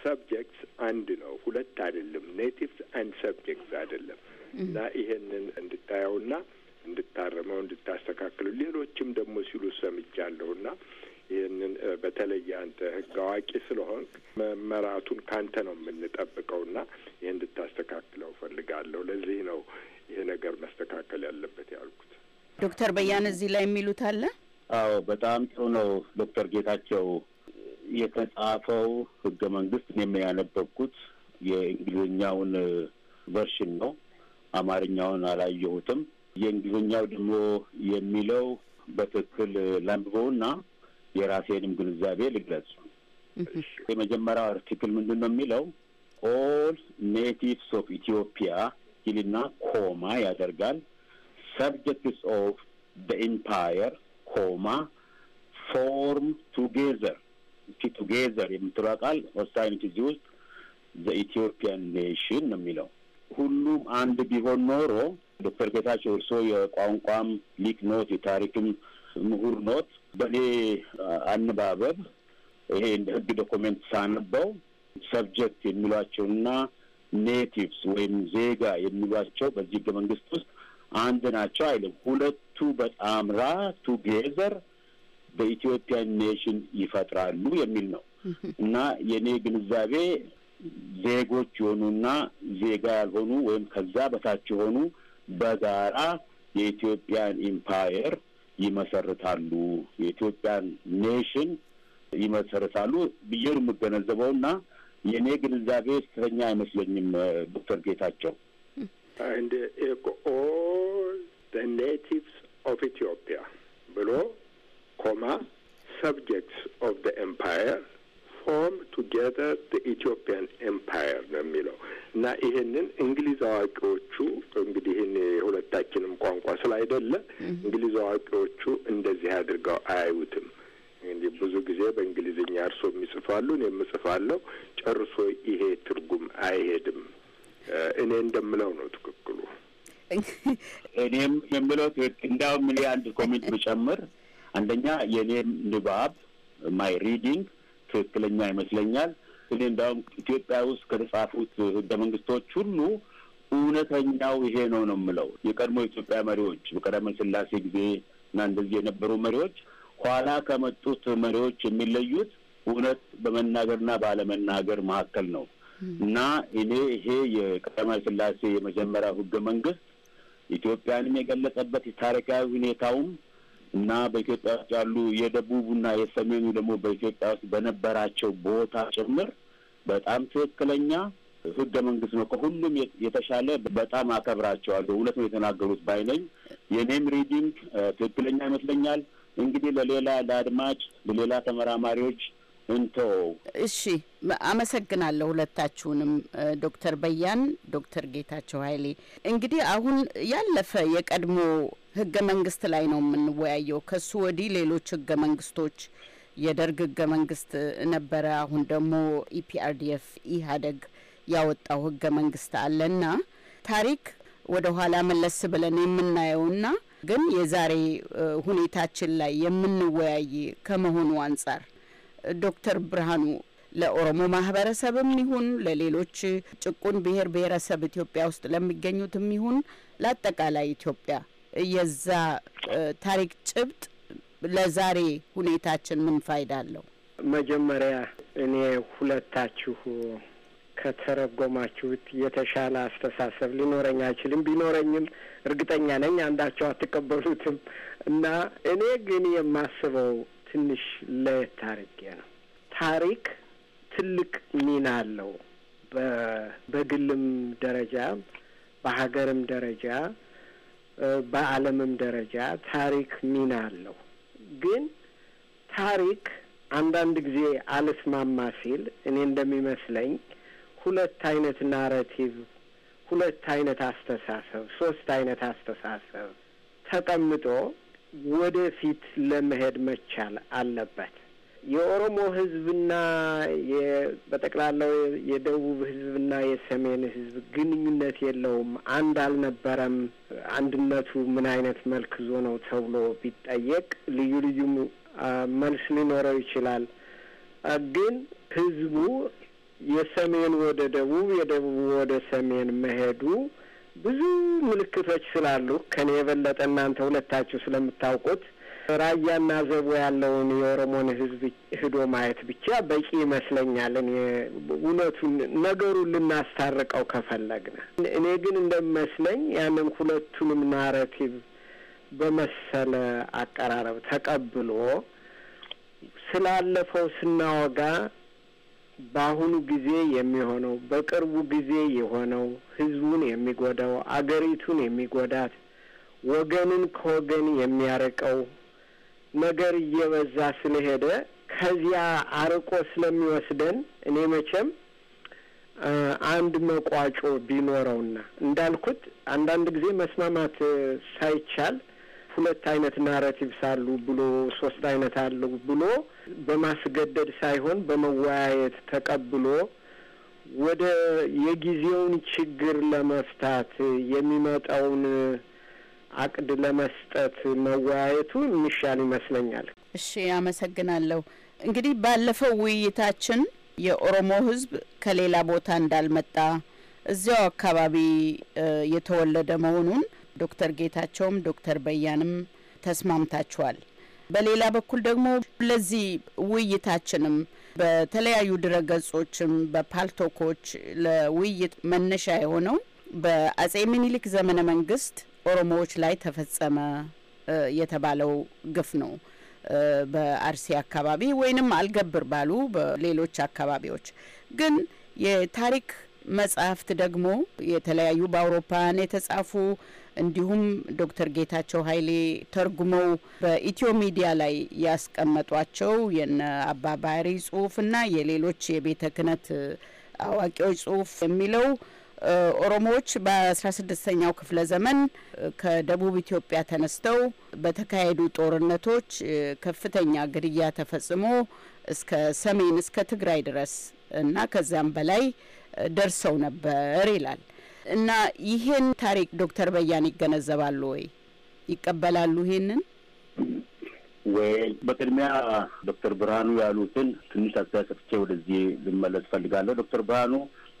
ሰብጀክትስ አንድ ነው፣ ሁለት አይደለም። ኔቲቭስ አንድ ሰብጀክትስ አይደለም። እና ይሄንን እንድታየውና እንድታረመው እንድታስተካክለው ሌሎችም ደግሞ ሲሉ ሰምቻለሁና ይህንን በተለይ አንተ ህግ አዋቂ ስለሆን መመራቱን ካንተ ነው የምንጠብቀው ና ይህ እንድታስተካክለው ፈልጋለሁ። ለዚህ ነው ይሄ ነገር መስተካከል ያለበት ያልኩት። ዶክተር በያን እዚህ ላይ የሚሉት አለ አዎ በጣም ጥሩ ነው ዶክተር ጌታቸው የተጻፈው ህገ መንግስት እኔም ያነበብኩት የእንግሊዝኛውን ቨርሽን ነው። አማርኛውን አላየሁትም። የእንግሊዝኛው ደግሞ የሚለው በትክክል ላንብበውና የራሴንም ግንዛቤ ልግለጽ። የመጀመሪያው አርቲክል ምንድን ነው የሚለው ኦል ኔቲቭስ ኦፍ ኢትዮጵያ ይልና ኮማ ያደርጋል ሰብጀክትስ ኦፍ ኢምፓየር ኮማ ፎርም ቱጌዘር እቲ ቱጌዘር የምትለው ቃል ወሳኝነት እዚህ ውስጥ ዘኢትዮጵያን ኔሽን ነው የሚለው። ሁሉም አንድ ቢሆን ኖሮ ዶክተር ጌታቸው እርሶ የቋንቋም ሊቅ ኖት፣ የታሪክም ምሁር ኖት። በእኔ አነባበብ ይሄ እንደ ህግ ዶኮሜንት ሳነበው ሰብጀክት የሚሏቸውና ኔቲቭስ ወይም ዜጋ የሚሏቸው በዚህ ህገ መንግስት ውስጥ አንድ ናቸው አይልም። ሁለቱ በጣምራ ቱጌዘር በኢትዮጵያን ኔሽን ይፈጥራሉ የሚል ነው እና የእኔ ግንዛቤ ዜጎች የሆኑና ዜጋ ያልሆኑ ወይም ከዛ በታች የሆኑ በጋራ የኢትዮጵያን ኢምፓየር ይመሰርታሉ፣ የኢትዮጵያን ኔሽን ይመሰርታሉ ብዬ ነው የምገነዘበው እና የእኔ ግንዛቤ ስተኛ አይመስለኝም ዶክተር ጌታቸው። እንድ ኦል the ኔቲቭስ ኦፍ ኢትዮጵያ ብሎ ኮማ ሰብጀክትስ ኦፍ ዘ ኤምፓየር ፎርም ቱጌዘር ዘ ኢትዮጵያን ኤምፓየር ነው የሚለው እና ይሄንን እንግሊዝ አዋቂዎቹ እንግዲህ ይህን የሁለታችንም ቋንቋ ስላይደለ እንግሊዝ አዋቂዎቹ እንደዚህ አድርገው አያዩትም። እንግዲህ ብዙ ጊዜ በእንግሊዝኛ እርሶ የሚጽፋሉ፣ እኔ የምጽፋለሁ። ጨርሶ ይሄ ትርጉም አይሄድም እኔ እንደምለው ነው ትክክሉ። እኔም የምለው ትክክል። እንዳውም እኔ አንድ ኮሜንት ብጨምር፣ አንደኛ የእኔም ንባብ ማይ ሪዲንግ ትክክለኛ ይመስለኛል። እኔ እንዳውም ኢትዮጵያ ውስጥ ከተጻፉት ህገ መንግስቶች ሁሉ እውነተኛው ይሄ ነው ነው የምለው። የቀድሞ የኢትዮጵያ መሪዎች በቀደመ ስላሴ ጊዜ እና እንደዚህ የነበሩ መሪዎች ኋላ ከመጡት መሪዎች የሚለዩት እውነት በመናገርና ባለመናገር መካከል ነው። እና እኔ ይሄ የቀዳማዊ ስላሴ የመጀመሪያው ህገ መንግስት ኢትዮጵያንም የገለጸበት ታሪካዊ ሁኔታውም እና በኢትዮጵያ ውስጥ ያሉ የደቡቡና የሰሜኑ ደግሞ በኢትዮጵያ ውስጥ በነበራቸው ቦታ ጭምር በጣም ትክክለኛ ህገ መንግስት ነው። ከሁሉም የተሻለ በጣም አከብራቸዋለሁ። እውነት ነው የተናገሩት ባይነኝ የኔም ሪዲንግ ትክክለኛ ይመስለኛል። እንግዲህ ለሌላ ለአድማጭ ለሌላ ተመራማሪዎች እንተው። እሺ፣ አመሰግናለሁ ሁለታችሁንም፣ ዶክተር በያን ዶክተር ጌታቸው ኃይሌ። እንግዲህ አሁን ያለፈ የቀድሞ ህገ መንግስት ላይ ነው የምንወያየው። ከሱ ወዲህ ሌሎች ህገ መንግስቶች የደርግ ህገ መንግስት ነበረ። አሁን ደግሞ ኢፒአርዲኤፍ ኢህአዴግ ያወጣው ህገ መንግስት አለና ታሪክ ወደ ኋላ መለስ ብለን የምናየውና ግን የዛሬ ሁኔታችን ላይ የምንወያይ ከመሆኑ አንጻር ዶክተር ብርሃኑ ለኦሮሞ ማህበረሰብም ይሁን ለሌሎች ጭቁን ብሔር ብሔረሰብ ኢትዮጵያ ውስጥ ለሚገኙትም ይሁን ለአጠቃላይ ኢትዮጵያ የዛ ታሪክ ጭብጥ ለዛሬ ሁኔታችን ምን ፋይዳ አለው? መጀመሪያ እኔ ሁለታችሁ ከተረጎማችሁት የተሻለ አስተሳሰብ ሊኖረኝ አይችልም። ቢኖረኝም እርግጠኛ ነኝ አንዳቸው አትቀበሉትም እና እኔ ግን የማስበው ትንሽ ለየት አድርጌ ነው። ታሪክ ትልቅ ሚና አለው። በግልም ደረጃ በሀገርም ደረጃ በዓለምም ደረጃ ታሪክ ሚና አለው። ግን ታሪክ አንዳንድ ጊዜ አልስማማ ሲል እኔ እንደሚመስለኝ ሁለት አይነት ናራቲቭ፣ ሁለት አይነት አስተሳሰብ፣ ሶስት አይነት አስተሳሰብ ተቀምጦ ወደፊት ለመሄድ መቻል አለበት። የኦሮሞ ህዝብና በጠቅላላው የደቡብ ህዝብና የሰሜን ህዝብ ግንኙነት የለውም፣ አንድ አልነበረም፣ አንድነቱ ምን አይነት መልክ ይዞ ነው ተብሎ ቢጠየቅ ልዩ ልዩ መልስ ሊኖረው ይችላል። ግን ህዝቡ የሰሜን ወደ ደቡብ፣ የደቡብ ወደ ሰሜን መሄዱ ብዙ ምልክቶች ስላሉ ከኔ የበለጠ እናንተ ሁለታችሁ ስለምታውቁት ራያና ዘቦ ያለውን የኦሮሞን ህዝብ ህዶ ማየት ብቻ በቂ ይመስለኛል። እኔ እውነቱን ነገሩን ልናስታርቀው ከፈለግነ እኔ ግን እንደሚመስለኝ ያንን ሁለቱንም ናረቲቭ በመሰለ አቀራረብ ተቀብሎ ስላለፈው ስናወጋ በአሁኑ ጊዜ የሚሆነው በቅርቡ ጊዜ የሆነው ህዝቡን የሚጎዳው አገሪቱን የሚጎዳት ወገንን ከወገን የሚያርቀው ነገር እየበዛ ስለሄደ ከዚያ አርቆ ስለሚወስደን እኔ መቼም አንድ መቋጮ ቢኖረውና እንዳልኩት አንዳንድ ጊዜ መስማማት ሳይቻል ሁለት አይነት ናራቲቭስ አሉ ብሎ ሶስት አይነት አሉ ብሎ በማስገደድ ሳይሆን በመወያየት ተቀብሎ ወደ የጊዜውን ችግር ለመፍታት የሚመጣውን አቅድ ለመስጠት መወያየቱ የሚሻል ይመስለኛል። እሺ፣ አመሰግናለሁ። እንግዲህ ባለፈው ውይይታችን የኦሮሞ ሕዝብ ከሌላ ቦታ እንዳልመጣ እዚያው አካባቢ የተወለደ መሆኑን ዶክተር ጌታቸውም ዶክተር በያንም ተስማምታችኋል። በሌላ በኩል ደግሞ ለዚህ ውይይታችንም በተለያዩ ድረገጾችም በፓልቶኮች ለውይይት መነሻ የሆነው በአጼ ምኒልክ ዘመነ መንግስት ኦሮሞዎች ላይ ተፈጸመ የተባለው ግፍ ነው። በአርሲ አካባቢ ወይንም አልገብር ባሉ በሌሎች አካባቢዎች ግን የታሪክ መጽሐፍት ደግሞ የተለያዩ በአውሮፓን የተጻፉ እንዲሁም ዶክተር ጌታቸው ኃይሌ ተርጉመው በኢትዮ ሚዲያ ላይ ያስቀመጧቸው የነ አባባሪ ጽሁፍና የሌሎች የቤተ ክህነት አዋቂዎች ጽሁፍ የሚለው ኦሮሞዎች በ16ኛው ክፍለ ዘመን ከደቡብ ኢትዮጵያ ተነስተው በተካሄዱ ጦርነቶች ከፍተኛ ግድያ ተፈጽሞ እስከ ሰሜን እስከ ትግራይ ድረስ እና ከዚያም በላይ ደርሰው ነበር ይላል። እና ይሄን ታሪክ ዶክተር በያን ይገነዘባሉ ወይ ይቀበላሉ? ይሄንን ወይ በቅድሚያ ዶክተር ብርሃኑ ያሉትን ትንሽ አስተያሰፍቼ ወደዚህ ልመለስ ፈልጋለሁ። ዶክተር ብርሃኑ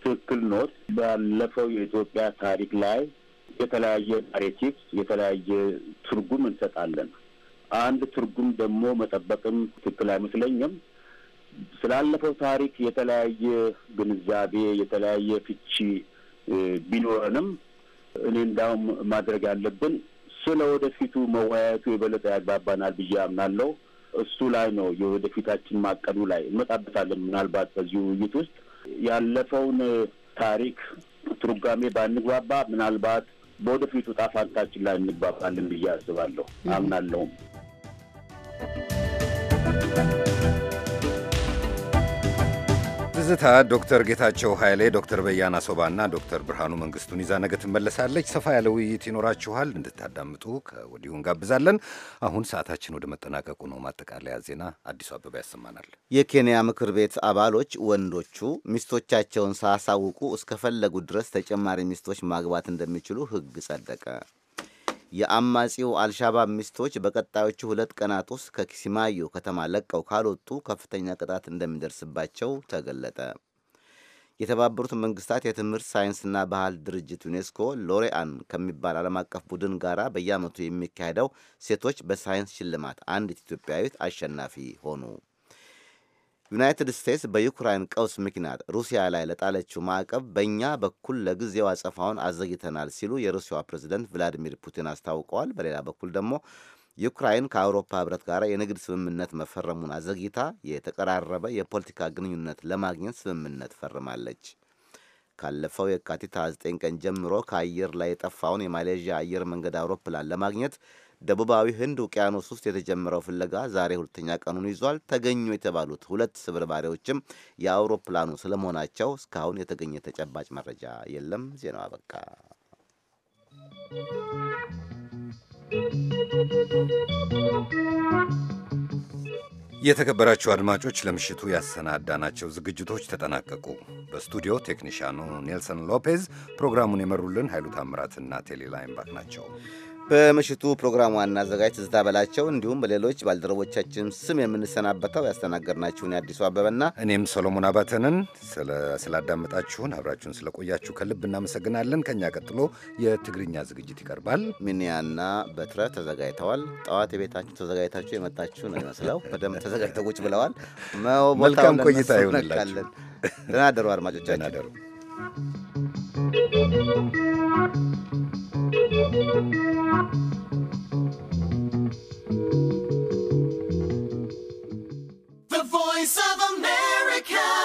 ትክክል ኖት። ባለፈው የኢትዮጵያ ታሪክ ላይ የተለያየ ናሬቲቭ የተለያየ ትርጉም እንሰጣለን። አንድ ትርጉም ደግሞ መጠበቅም ትክክል አይመስለኝም። ስላለፈው ታሪክ የተለያየ ግንዛቤ የተለያየ ፍቺ ቢኖረንም እኔ እንዳውም ማድረግ ያለብን ስለ ወደፊቱ መወያየቱ የበለጠ ያግባባናል ብዬ አምናለሁ። እሱ ላይ ነው የወደፊታችን ማቀዱ ላይ እንመጣበታለን። ምናልባት በዚህ ውይይት ውስጥ ያለፈውን ታሪክ ትርጓሜ ባንግባባ ምናልባት በወደፊቱ ጣፋንታችን ላይ እንግባባለን ብዬ አስባለሁ አምናለሁም። ትዝታ ዶክተር ጌታቸው ኃይሌ፣ ዶክተር በያና ሶባና ዶክተር ብርሃኑ መንግስቱን ይዛ ነገ ትመለሳለች። ሰፋ ያለ ውይይት ይኖራችኋል፣ እንድታዳምጡ ከወዲሁ እንጋብዛለን። አሁን ሰዓታችን ወደ መጠናቀቁ ነው። ማጠቃለያ ዜና አዲሱ አበባ ያሰማናል። የኬንያ ምክር ቤት አባሎች ወንዶቹ ሚስቶቻቸውን ሳያሳውቁ እስከፈለጉ ድረስ ተጨማሪ ሚስቶች ማግባት እንደሚችሉ ህግ ጸደቀ። የአማጺው አልሻባብ ሚስቶች በቀጣዮቹ ሁለት ቀናት ውስጥ ከኪሲማዮ ከተማ ለቀው ካልወጡ ከፍተኛ ቅጣት እንደሚደርስባቸው ተገለጠ። የተባበሩት መንግስታት የትምህርት ሳይንስና ባህል ድርጅት ዩኔስኮ ሎሬአን ከሚባል ዓለም አቀፍ ቡድን ጋር በየዓመቱ የሚካሄደው ሴቶች በሳይንስ ሽልማት አንዲት ኢትዮጵያዊት አሸናፊ ሆኑ። ዩናይትድ ስቴትስ በዩክራይን ቀውስ ምክንያት ሩሲያ ላይ ለጣለችው ማዕቀብ በእኛ በኩል ለጊዜው አጸፋውን አዘግተናል ሲሉ የሩሲያ ፕሬዚደንት ቭላዲሚር ፑቲን አስታውቀዋል። በሌላ በኩል ደግሞ ዩክራይን ከአውሮፓ ሕብረት ጋር የንግድ ስምምነት መፈረሙን አዘግይታ የተቀራረበ የፖለቲካ ግንኙነት ለማግኘት ስምምነት ፈርማለች። ካለፈው የካቲት 29 ቀን ጀምሮ ከአየር ላይ የጠፋውን የማሌዥያ አየር መንገድ አውሮፕላን ለማግኘት ደቡባዊ ህንድ ውቅያኖስ ውስጥ የተጀመረው ፍለጋ ዛሬ ሁለተኛ ቀኑን ይዟል። ተገኙ የተባሉት ሁለት ስብርባሪዎችም የአውሮፕላኑ ስለመሆናቸው እስካሁን የተገኘ ተጨባጭ መረጃ የለም። ዜናው አበቃ። የተከበራችሁ አድማጮች ለምሽቱ ያሰናዳናቸው ዝግጅቶች ተጠናቀቁ። በስቱዲዮ ቴክኒሽያኑ ኔልሰን ሎፔዝ፣ ፕሮግራሙን የመሩልን ኃይሉ ታምራትና ቴሌ ናቸው። በምሽቱ ፕሮግራም ዋና አዘጋጅ ትዝታ በላቸው እንዲሁም በሌሎች ባልደረቦቻችን ስም የምንሰናበተው ያስተናገድናችሁን የአዲሱ አበበና እኔም ሰሎሞን አባተንን ስላዳመጣችሁን አብራችሁን ስለቆያችሁ ከልብ እናመሰግናለን። ከእኛ ቀጥሎ የትግርኛ ዝግጅት ይቀርባል። ሚኒያና በትረ ተዘጋጅተዋል። ጠዋት የቤታችሁ ተዘጋጅታችሁ የመጣችሁ ነው ይመስለው። በደንብ ተዘጋጅተው ቁጭ ብለዋል። መልካም ቆይታ ይሆንላችሁ። ደህና ደሩ አድማጮቻችን፣ ደህና Voice of America.